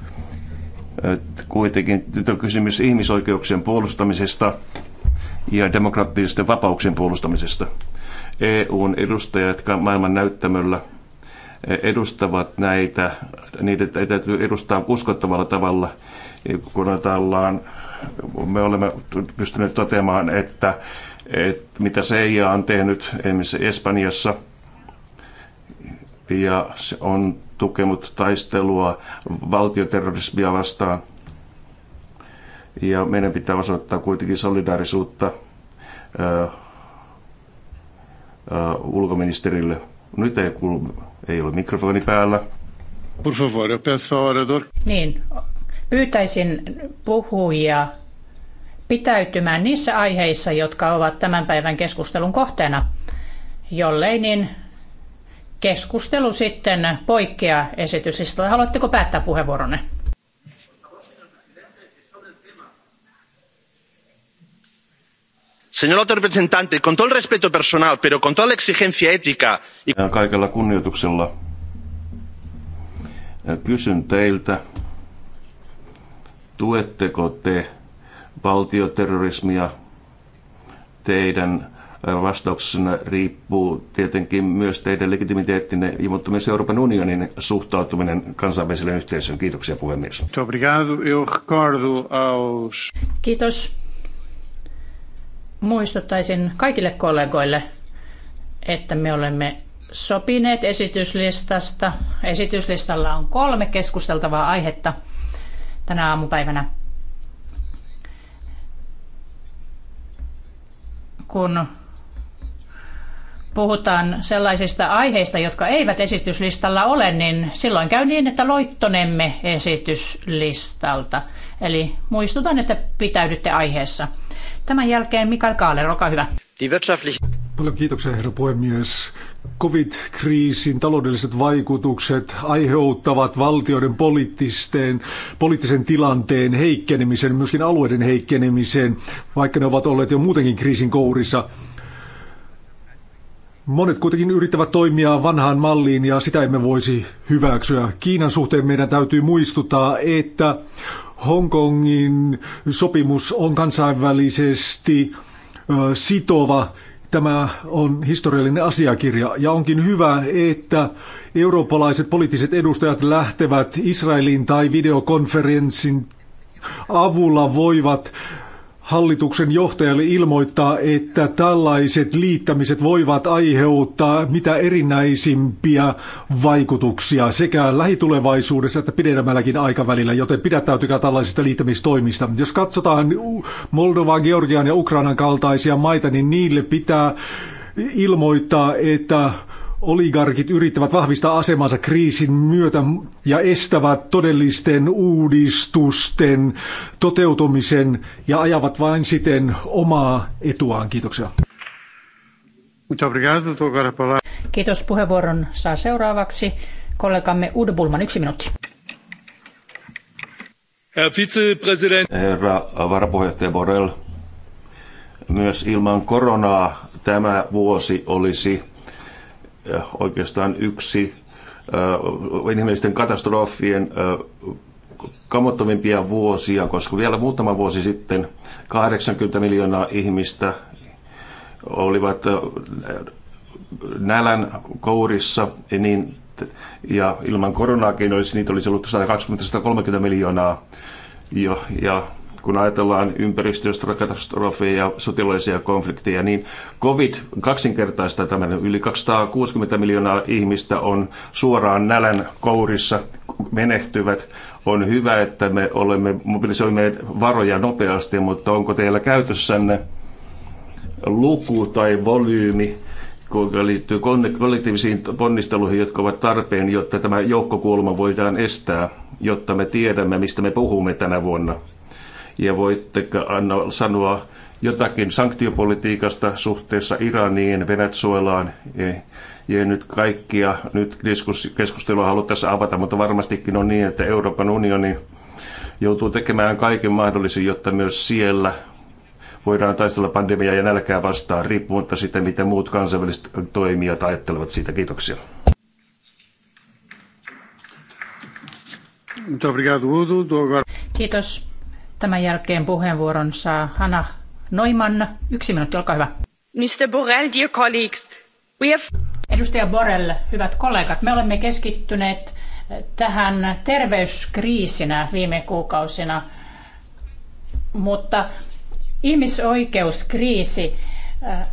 kuitenkin nyt on kysymys ihmisoikeuksien puolustamisesta ja demokraattisten vapauksien puolustamisesta. EUn edustajat, jotka maailman näyttämöllä eh, edustavat näitä, niitä täytyy edustaa uskottavalla tavalla, kun ajatellaan, me olemme pystyneet toteamaan, että, että mitä seija on tehnyt esimerkiksi Espanjassa, ja se on tukenut taistelua valtioterrorismia vastaan ja meidän pitää osoittaa kuitenkin solidaarisuutta ulkoministerille. Nyt ei, kuulu, ei ole mikrofoni päällä. Por favor, eu peço orador. Niin, pyytäisin puhujia pitäytymään niissä aiheissa, jotka ovat tämän päivän keskustelun kohteena. Jollei, niin keskustelu sitten poikkea esitysistä. Haluatteko päättää puheenvuoronne? señora alta representante con todo el respeto personal pero con toda la exigencia ética. ja kaikella kunnioituksella kysyn teiltä tuetteko te valtioterrorismia teidän äh, vastauksena riippuu tietenkin myös teidän legitimiteettinne, mutta myös Euroopan unionin suhtautuminen kansainvälisen yhteisöön. Kiitoksia puhemies. Kiitos muistuttaisin kaikille kollegoille, että me olemme sopineet esityslistasta. Esityslistalla on kolme keskusteltavaa aihetta tänä aamupäivänä. Kun puhutaan sellaisista aiheista, jotka eivät esityslistalla ole, niin silloin käy niin, että loittonemme esityslistalta. Eli muistutan, että pitäydytte aiheessa. Tämän jälkeen Mikael Kaaler, olkaa hyvä. Paljon kiitoksia, herra puhemies. Covid-kriisin taloudelliset vaikutukset aiheuttavat valtioiden poliittisten, poliittisen tilanteen heikkenemisen, myöskin alueiden heikkenemisen, vaikka ne ovat olleet jo muutenkin kriisin kourissa. Monet kuitenkin yrittävät toimia vanhaan malliin ja sitä emme voisi hyväksyä. Kiinan suhteen meidän täytyy muistuttaa, että Hongkongin sopimus on kansainvälisesti sitova. Tämä on historiallinen asiakirja ja onkin hyvä, että eurooppalaiset poliittiset edustajat lähtevät Israelin tai videokonferenssin avulla voivat hallituksen johtajalle ilmoittaa, että tällaiset liittämiset voivat aiheuttaa mitä erinäisimpiä vaikutuksia sekä lähitulevaisuudessa että pidemmälläkin aikavälillä, joten pidättäytykää tällaisista liittämistoimista. Jos katsotaan Moldovaa, Georgian ja Ukrainan kaltaisia maita, niin niille pitää ilmoittaa, että Oligarkit yrittävät vahvistaa asemansa kriisin myötä ja estävät todellisten uudistusten toteutumisen ja ajavat vain siten omaa etuaan. Kiitoksia. Kiitos puheenvuoron. Saa seuraavaksi kollegamme Udo Bulman. Yksi minuutti. Herra varapuheenjohtaja Borrell, myös ilman koronaa tämä vuosi olisi oikeastaan yksi inhimillisten katastrofien kamottomimpia vuosia, koska vielä muutama vuosi sitten 80 miljoonaa ihmistä olivat nälän kourissa, niin, ja ilman koronaakin olisi, niitä olisi ollut 120-130 miljoonaa. Jo, ja kun ajatellaan ympäristökatastrofeja, sotilaisia konflikteja, niin COVID kaksinkertaista tämän. Yli 260 miljoonaa ihmistä on suoraan nälän kourissa, menehtyvät. On hyvä, että me olemme, mobilisoimme varoja nopeasti, mutta onko teillä käytössänne luku tai volyymi, joka liittyy kollektiivisiin ponnisteluihin, jotka ovat tarpeen, jotta tämä joukkokuolema voidaan estää, jotta me tiedämme, mistä me puhumme tänä vuonna ja voitteko anna, sanoa jotakin sanktiopolitiikasta suhteessa Iraniin, Venezuelaan ja, e, ja e, nyt kaikkia, nyt keskustelua haluan tässä avata, mutta varmastikin on niin, että Euroopan unioni joutuu tekemään kaiken mahdollisen, jotta myös siellä voidaan taistella pandemiaa ja nälkää vastaan, riippumatta siitä, mitä muut kansainväliset toimijat ajattelevat siitä. Kiitoksia. Kiitos. Tämän jälkeen puheenvuoron saa Hanna Noiman. Yksi minuutti, olkaa hyvä. Mr. Borrell, dear colleagues, we have... Edustaja Borrell, hyvät kollegat, me olemme keskittyneet tähän terveyskriisinä viime kuukausina, mutta ihmisoikeuskriisi eh,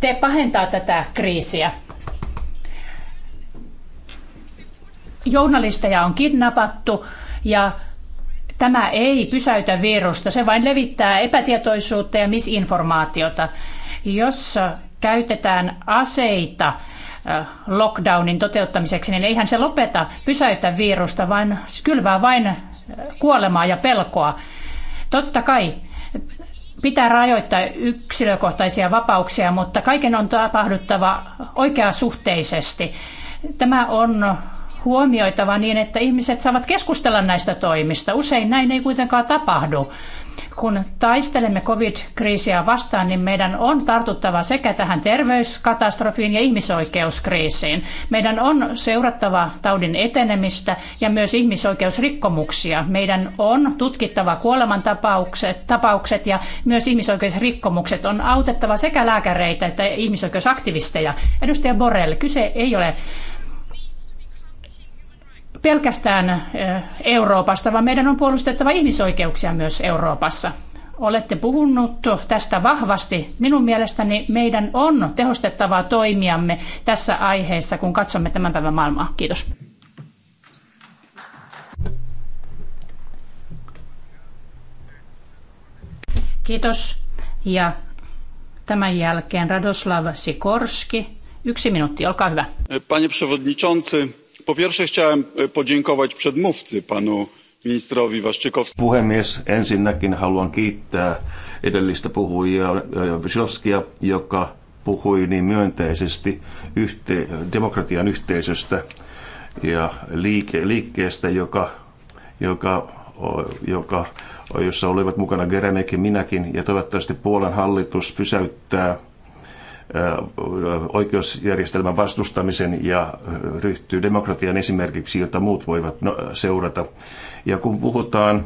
te pahentaa tätä kriisiä. Journalisteja on kidnappattu ja Tämä ei pysäytä virusta, se vain levittää epätietoisuutta ja misinformaatiota. Jos käytetään aseita lockdownin toteuttamiseksi, niin eihän se lopeta pysäytä virusta, vaan kylvää vain kuolemaa ja pelkoa. Totta kai pitää rajoittaa yksilökohtaisia vapauksia, mutta kaiken on tapahduttava oikeasuhteisesti. Tämä on huomioitava niin, että ihmiset saavat keskustella näistä toimista. Usein näin ei kuitenkaan tapahdu. Kun taistelemme covid-kriisiä vastaan, niin meidän on tartuttava sekä tähän terveyskatastrofiin ja ihmisoikeuskriisiin. Meidän on seurattava taudin etenemistä ja myös ihmisoikeusrikkomuksia. Meidän on tutkittava kuolemantapaukset tapaukset ja myös ihmisoikeusrikkomukset. On autettava sekä lääkäreitä että ihmisoikeusaktivisteja. Edustaja Borrell, kyse ei ole pelkästään eh, Euroopasta, vaan meidän on puolustettava ihmisoikeuksia myös Euroopassa. Olette puhunut tästä vahvasti. Minun mielestäni meidän on tehostettavaa toimiamme tässä aiheessa, kun katsomme tämän päivän maailmaa. Kiitos. Kiitos. Ja tämän jälkeen Radoslav Sikorski. Yksi minuutti, olkaa hyvä. Panie przewodniczący, po pierwsze chciałem e, podziękować przedmówcy panu ministrowi Waszczykowskiemu. Puhemies, ensinnäkin haluan kiittää edellistä puhujaa e, Wyszowskia, joka puhui niin myönteisesti yhte, demokratian yhteisöstä ja liike, liikkeestä, joka, joka, joka, jossa olivat mukana Geremekin minäkin. Ja toivottavasti Puolan hallitus pysäyttää oikeusjärjestelmän vastustamisen ja ryhtyy demokratian esimerkiksi, jota muut voivat no, seurata. Ja kun puhutaan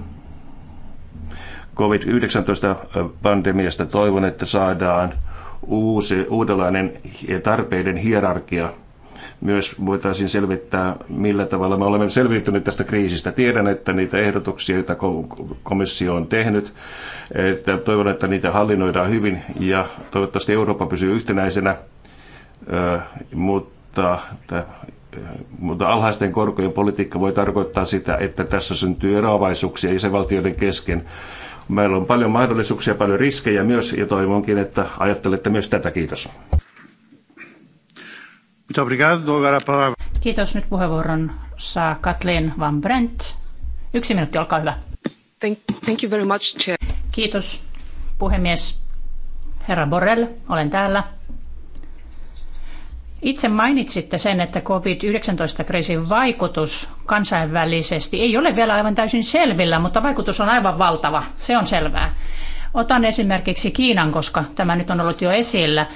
COVID-19-pandemiasta, toivon, että saadaan uusi, uudenlainen tarpeiden hierarkia – myös voitaisiin selvittää, millä tavalla me olemme selviytyneet tästä kriisistä. Tiedän, että niitä ehdotuksia, joita komissio on tehnyt, että toivon, että niitä hallinnoidaan hyvin ja toivottavasti Eurooppa pysyy yhtenäisenä, mutta mutta alhaisten korkojen politiikka voi tarkoittaa sitä, että tässä syntyy eroavaisuuksia jäsenvaltioiden kesken. Meillä on paljon mahdollisuuksia, paljon riskejä myös, ja toivonkin, että ajattelette myös tätä. Kiitos. Kiitos. Nyt puheenvuoron saa Kathleen Van Brent. Yksi minuutti, olkaa hyvä. Thank, you very much, Chair. Kiitos, puhemies. Herra Borrell, olen täällä. Itse mainitsitte sen, että COVID-19-kriisin vaikutus kansainvälisesti ei ole vielä aivan täysin selvillä, mutta vaikutus on aivan valtava, se on selvää. Otan esimerkiksi Kiinan, koska tämä nyt on ollut jo esillä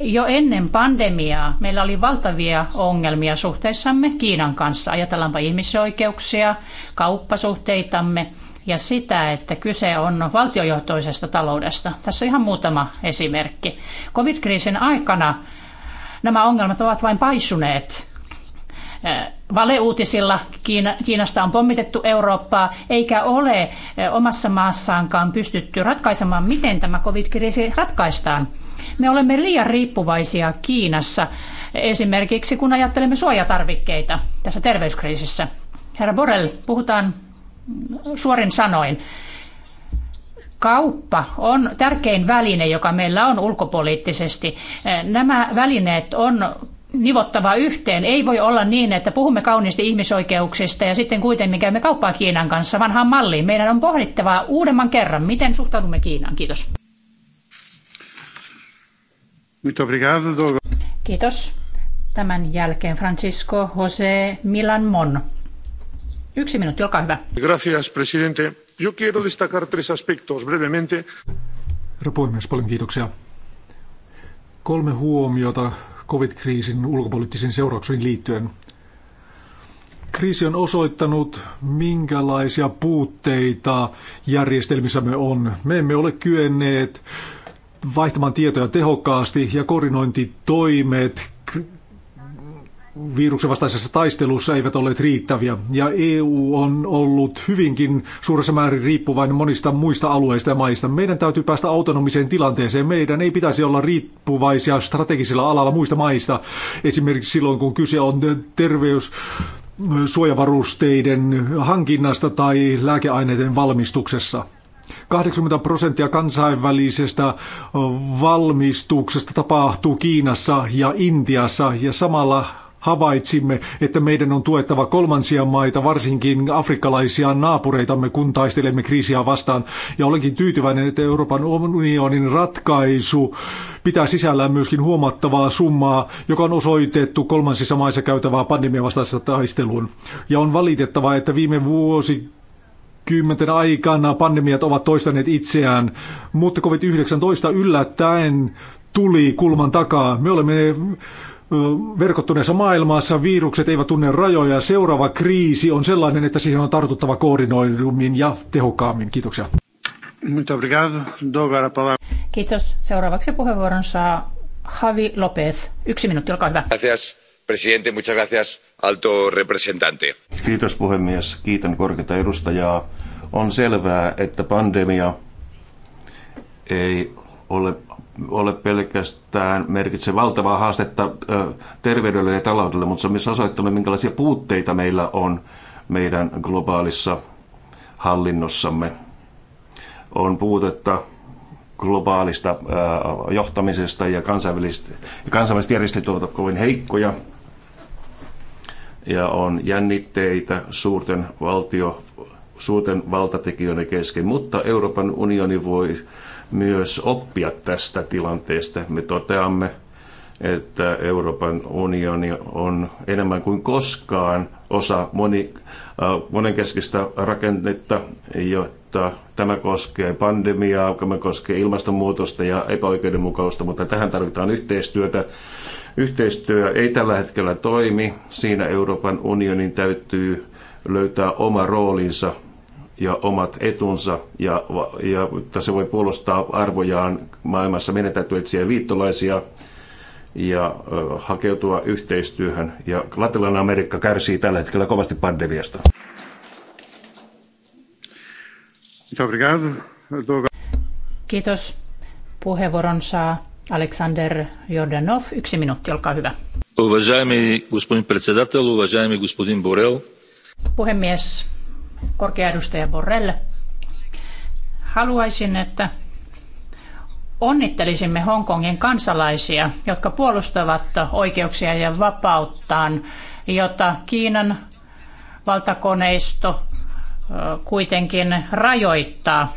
jo ennen pandemiaa meillä oli valtavia ongelmia suhteissamme Kiinan kanssa. Ajatellaanpa ihmisoikeuksia, kauppasuhteitamme ja sitä, että kyse on valtiojohtoisesta taloudesta. Tässä ihan muutama esimerkki. Covid-kriisin aikana nämä ongelmat ovat vain paisuneet. Äh, valeuutisilla Kiinasta on pommitettu Eurooppaa, eikä ole äh, omassa maassaankaan pystytty ratkaisemaan, miten tämä covid-kriisi ratkaistaan. Me olemme liian riippuvaisia Kiinassa, esimerkiksi kun ajattelemme suojatarvikkeita tässä terveyskriisissä. Herra Borrell, puhutaan suorin sanoin. Kauppa on tärkein väline, joka meillä on ulkopoliittisesti. Nämä välineet on nivottava yhteen. Ei voi olla niin, että puhumme kauniisti ihmisoikeuksista ja sitten kuitenkin käymme kauppaa Kiinan kanssa vanhaan malliin. Meidän on pohdittava uudemman kerran, miten suhtaudumme Kiinaan. Kiitos. Kiitos. Tämän jälkeen Francisco José Milan Mon. Yksi minuutti, olkaa hyvä. Gracias, presidente. Yo quiero destacar tres aspectos brevemente. Herra puhemies, paljon kiitoksia. Kolme huomiota covid-kriisin ulkopoliittisiin seurauksiin liittyen. Kriisi on osoittanut, minkälaisia puutteita järjestelmissämme on. Me emme ole kyenneet äh, vaihtamaan tietoja tehokkaasti ja koordinointitoimet viruksen vastaisessa taistelussa eivät olleet riittäviä. Ja EU on ollut hyvinkin suuressa määrin riippuvainen monista muista alueista ja maista. Meidän täytyy päästä autonomiseen tilanteeseen. Meidän ei pitäisi olla riippuvaisia strategisilla alalla muista maista. Esimerkiksi silloin, kun kyse on terveys suojavarusteiden hankinnasta tai lääkeaineiden valmistuksessa. 80 prosenttia kansainvälisestä valmistuksesta tapahtuu Kiinassa ja Intiassa ja samalla havaitsimme, että meidän on tuettava kolmansia maita, varsinkin afrikkalaisia naapureitamme, kun taistelemme kriisiä vastaan. Ja olenkin tyytyväinen, että Euroopan unionin ratkaisu pitää sisällään myöskin huomattavaa summaa, joka on osoitettu kolmansissa maissa käytävää pandemian vastaisessa taisteluun. Ja on valitettavaa, että viime vuosi vuosikymmenten aikana pandemiat ovat toistaneet itseään, mutta COVID-19 yllättäen tuli kulman takaa. Me olemme verkottuneessa maailmassa virukset eivät tunne rajoja. Seuraava kriisi on sellainen, että siihen on tartuttava koordinoidummin ja tehokkaammin. Kiitoksia. Kiitos. Seuraavaksi puheenvuoron saa Javi López. Yksi minuutti, olkaa hyvä. Gracias, presidente. Muchas gracias alto representante. Kiitos puhemies. Kiitän korkeata edustajaa. On selvää, että pandemia ei ole, ole pelkästään merkitse valtavaa haastetta terveydelle ja taloudelle, mutta se on myös osoittanut, minkälaisia puutteita meillä on meidän globaalissa hallinnossamme. On puutetta globaalista johtamisesta ja kansainväliset, kansainväliset järjestöt ovat kovin heikkoja ja on jännitteitä suurten valtio, suurten valtatekijöiden kesken, mutta Euroopan unioni voi myös oppia tästä tilanteesta. Me toteamme, että Euroopan unioni on enemmän kuin koskaan osa moni, äh, monenkeskistä rakennetta, jotta tämä koskee pandemiaa, tämä koskee ilmastonmuutosta ja epäoikeudenmukausta, mutta tähän tarvitaan yhteistyötä Yhteistyö ei tällä hetkellä toimi. Siinä Euroopan unionin täytyy löytää oma roolinsa ja omat etunsa, ja, ja että se voi puolustaa arvojaan maailmassa. Meidän etsiä liittolaisia ja ö, hakeutua yhteistyöhön. Ja Latinalainen Amerikka kärsii tällä hetkellä kovasti pandemiasta. Kiitos. Puheenvuoron saa Aleksander Jordanov, yksi minuutti, olkaa hyvä. Уважаеми господин председател, уважаеми господин Борел. Puhemies, korkea edustaja Borrell. Haluaisin, että onnittelisimme Hongkongin kansalaisia, jotka puolustavat oikeuksia ja vapauttaan, jota Kiinan valtakoneisto kuitenkin rajoittaa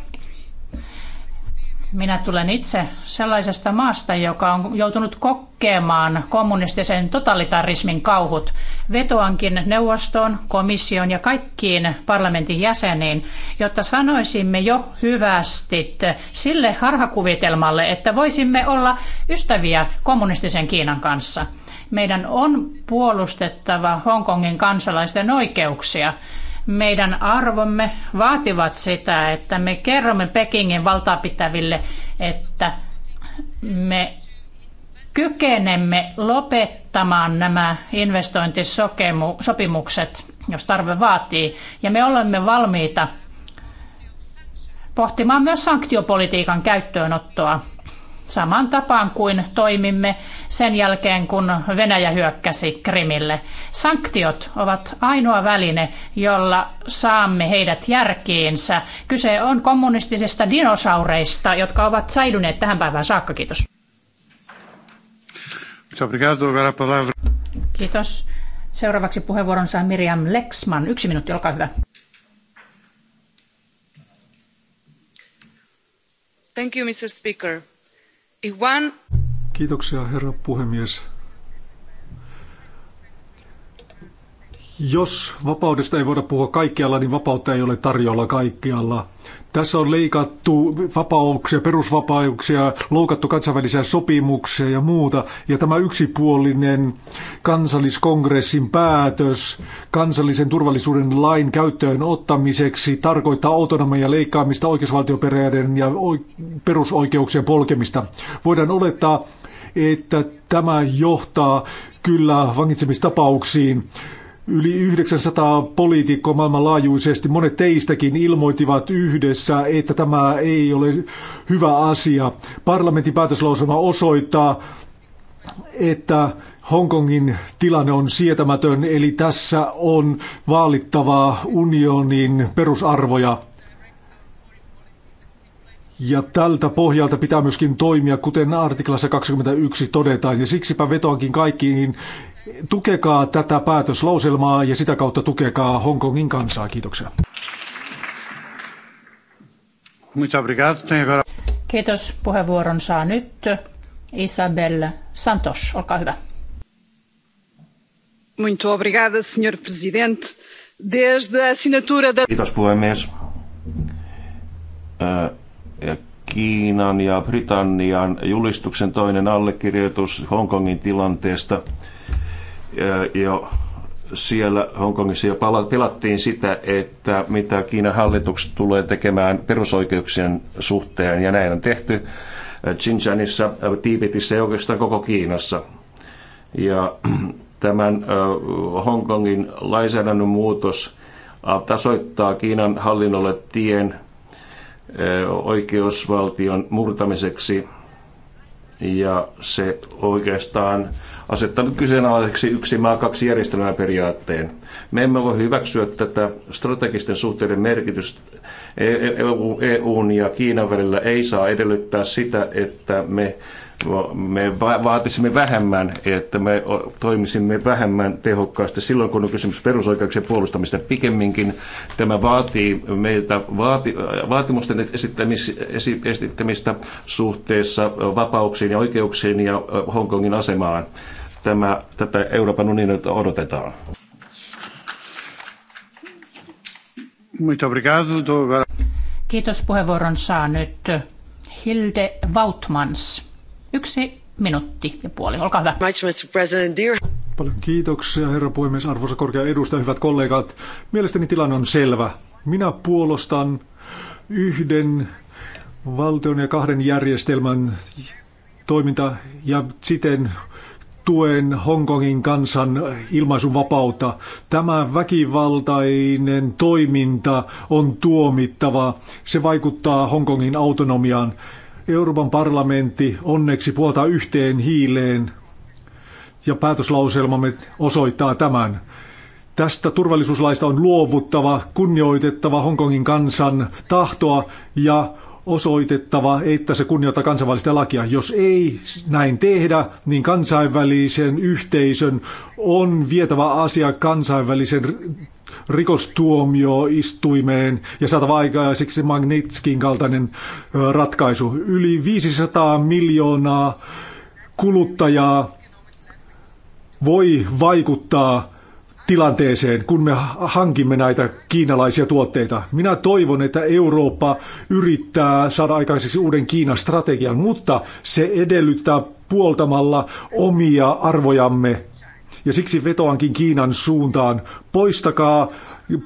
minä tulen itse sellaisesta maasta, joka on joutunut kokemaan kommunistisen totalitarismin kauhut. Vetoankin neuvostoon, komission ja kaikkiin parlamentin jäseniin, jotta sanoisimme jo hyvästi sille harhakuvitelmalle, että voisimme olla ystäviä kommunistisen Kiinan kanssa. Meidän on puolustettava Hongkongin kansalaisten oikeuksia meidän arvomme vaativat sitä, että me kerromme Pekingin valtaapitäville, että me kykenemme lopettamaan nämä investointisopimukset, jos tarve vaatii, ja me olemme valmiita pohtimaan myös sanktiopolitiikan käyttöönottoa saman tapaan kuin toimimme sen jälkeen, kun Venäjä hyökkäsi Krimille. Sanktiot ovat ainoa väline, jolla saamme heidät järkiinsä. Kyse on kommunistisista dinosaureista, jotka ovat säilyneet tähän päivään saakka. Kiitos. Kiitos. Seuraavaksi puheenvuoron saa Miriam Lexman. Yksi minuutti, olkaa hyvä. Thank you, Mr. Speaker. Kiitoksia herra puhemies. Jos vapaudesta ei voida puhua kaikkialla, niin vapautta ei ole tarjolla kaikkialla. Tässä on leikattu vapauksia, perusvapauksia, loukattu kansainvälisiä sopimuksia ja muuta. Ja tämä yksipuolinen kansalliskongressin päätös kansallisen turvallisuuden lain käyttöön ottamiseksi tarkoittaa autonomian leikkaamista, oikeusvaltioperiaatteiden ja perusoikeuksien polkemista. Voidaan olettaa, että tämä johtaa kyllä vangitsemistapauksiin Yli 900 poliitikkoa maailmanlaajuisesti, monet teistäkin ilmoittivat yhdessä, että tämä ei ole hyvä asia. Parlamentin päätöslausuma osoittaa, että Hongkongin tilanne on sietämätön, eli tässä on vaalittavaa unionin perusarvoja. Ja tältä pohjalta pitää myöskin toimia, kuten artiklassa 21 todetaan. Ja siksipä vetoankin kaikkiin, niin tukekaa tätä päätöslauselmaa ja sitä kautta tukekaa Hongkongin kansaa. Kiitoksia. Kiitos. Puheenvuoron saa nyt Isabel Santos. Olkaa hyvä. Muito obrigada, senhor presidente. Desde a assinatura da... Kiitos puhemies. Uh... Kiinan ja Britannian julistuksen toinen allekirjoitus Hongkongin tilanteesta. Ja siellä Hongkongissa jo pelattiin sitä, että mitä Kiinan hallitukset tulee tekemään perusoikeuksien suhteen, ja näin on tehty Xinjiangissa, Tiibetissä ja oikeastaan koko Kiinassa. Ja tämän Hongkongin lainsäädännön muutos tasoittaa Kiinan hallinnolle tien oikeusvaltion murtamiseksi ja se oikeastaan asettanut kyseenalaiseksi yksi maa kaksi järjestelmää periaatteen. Me emme voi hyväksyä tätä strategisten suhteiden merkitystä EUn ja Kiinan välillä ei saa edellyttää sitä, että me me vaatisimme vähemmän, että me toimisimme vähemmän tehokkaasti silloin, kun on kysymys perusoikeuksien puolustamista. Pikemminkin tämä vaatii meiltä vaati, äh, vaatimusten esittämistä suhteessa vapauksiin ja oikeuksiin ja äh, Hongkongin asemaan. Tämä, tätä Euroopan unionilta odotetaan. Kiitos puheenvuoron saa nyt Hilde Vautmans. Yksi minuutti ja puoli, olkaa hyvä. Paljon kiitoksia, herra puhemies, arvoisa korkea edustaja, hyvät kollegat. Mielestäni tilanne on selvä. Minä puolustan yhden valtion ja kahden järjestelmän toiminta ja siten tuen Hongkongin kansan ilmaisuvapautta. Tämä väkivaltainen toiminta on tuomittava. Se vaikuttaa Hongkongin autonomiaan. Euroopan parlamentti onneksi puoltaa yhteen hiileen ja päätöslauselmamme osoittaa tämän. Tästä turvallisuuslaista on luovuttava, kunnioitettava Hongkongin kansan tahtoa ja osoitettava, että se kunnioittaa kansainvälistä lakia. Jos ei näin tehdä, niin kansainvälisen yhteisön on vietävä asia kansainvälisen rikostuomioistuimeen ja saatava aikaiseksi Magnitskin kaltainen ratkaisu. Yli 500 miljoonaa kuluttajaa voi vaikuttaa tilanteeseen, kun me hankimme näitä kiinalaisia tuotteita. Minä toivon, että Eurooppa yrittää saada aikaiseksi uuden Kiinan strategian, mutta se edellyttää puoltamalla omia arvojamme ja siksi vetoankin Kiinan suuntaan. Poistakaa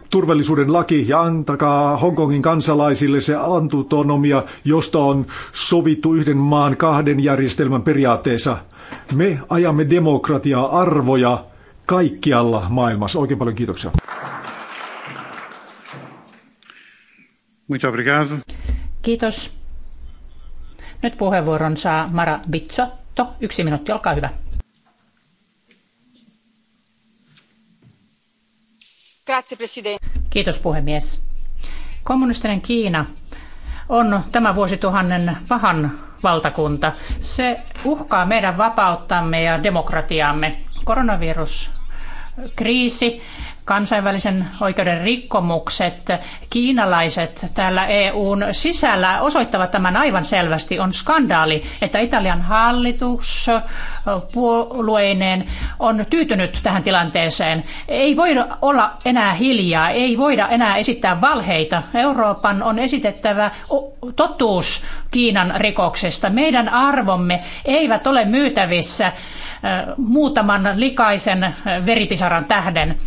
turvallisuuden laki ja antakaa Hongkongin kansalaisille se autonomia, josta on sovittu yhden maan kahden järjestelmän periaatteessa. Me ajamme demokratiaa arvoja kaikkialla maailmassa. Oikein paljon kiitoksia. Muito obrigado. Kiitos. Nyt puheenvuoron saa Mara Bitsotto. Yksi minuutti, olkaa hyvä. Kiitos puhemies. Kommunistinen Kiina on tämän vuosituhannen pahan valtakunta. Se uhkaa meidän vapauttamme ja demokratiaamme. Koronavirus kriisi kansainvälisen oikeuden rikkomukset, kiinalaiset täällä EUn sisällä osoittavat tämän aivan selvästi. On skandaali, että Italian hallitus puolueineen on tyytynyt tähän tilanteeseen. Ei voida olla enää hiljaa, ei voida enää esittää valheita. Euroopan on esitettävä totuus Kiinan rikoksesta. Meidän arvomme eivät ole myytävissä eh, muutaman likaisen eh, veripisaran tähden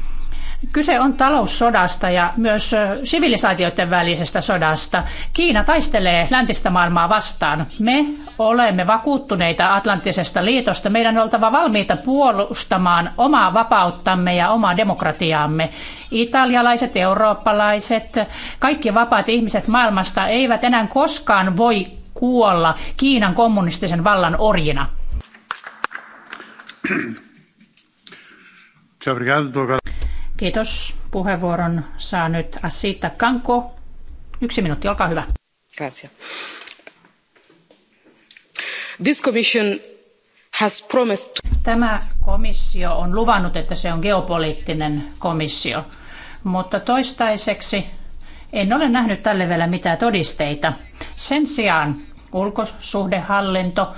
Kyse on taloussodasta ja myös sivilisaatioiden välisestä sodasta. Kiina taistelee läntistä maailmaa vastaan. Me olemme vakuuttuneita Atlanttisesta liitosta. Meidän on oltava valmiita puolustamaan omaa vapauttamme ja omaa demokratiaamme. Italialaiset, eurooppalaiset, kaikki vapaat ihmiset maailmasta eivät enää koskaan voi kuolla Kiinan kommunistisen vallan orjina. Kiitos. Puheenvuoron saa nyt Asita Kanko. Yksi minuutti, olkaa hyvä. Grazie. This commission has promised... Tämä komissio on luvannut, että se on geopoliittinen komissio, mutta toistaiseksi en ole nähnyt tälle vielä mitään todisteita. Sen sijaan ulkosuhdehallinto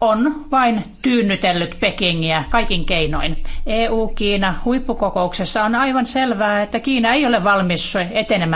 on vain tyynnytellyt Pekingiä kaikin keinoin. EU-Kiina huippukokouksessa on aivan selvää, että Kiina ei ole valmis etenemään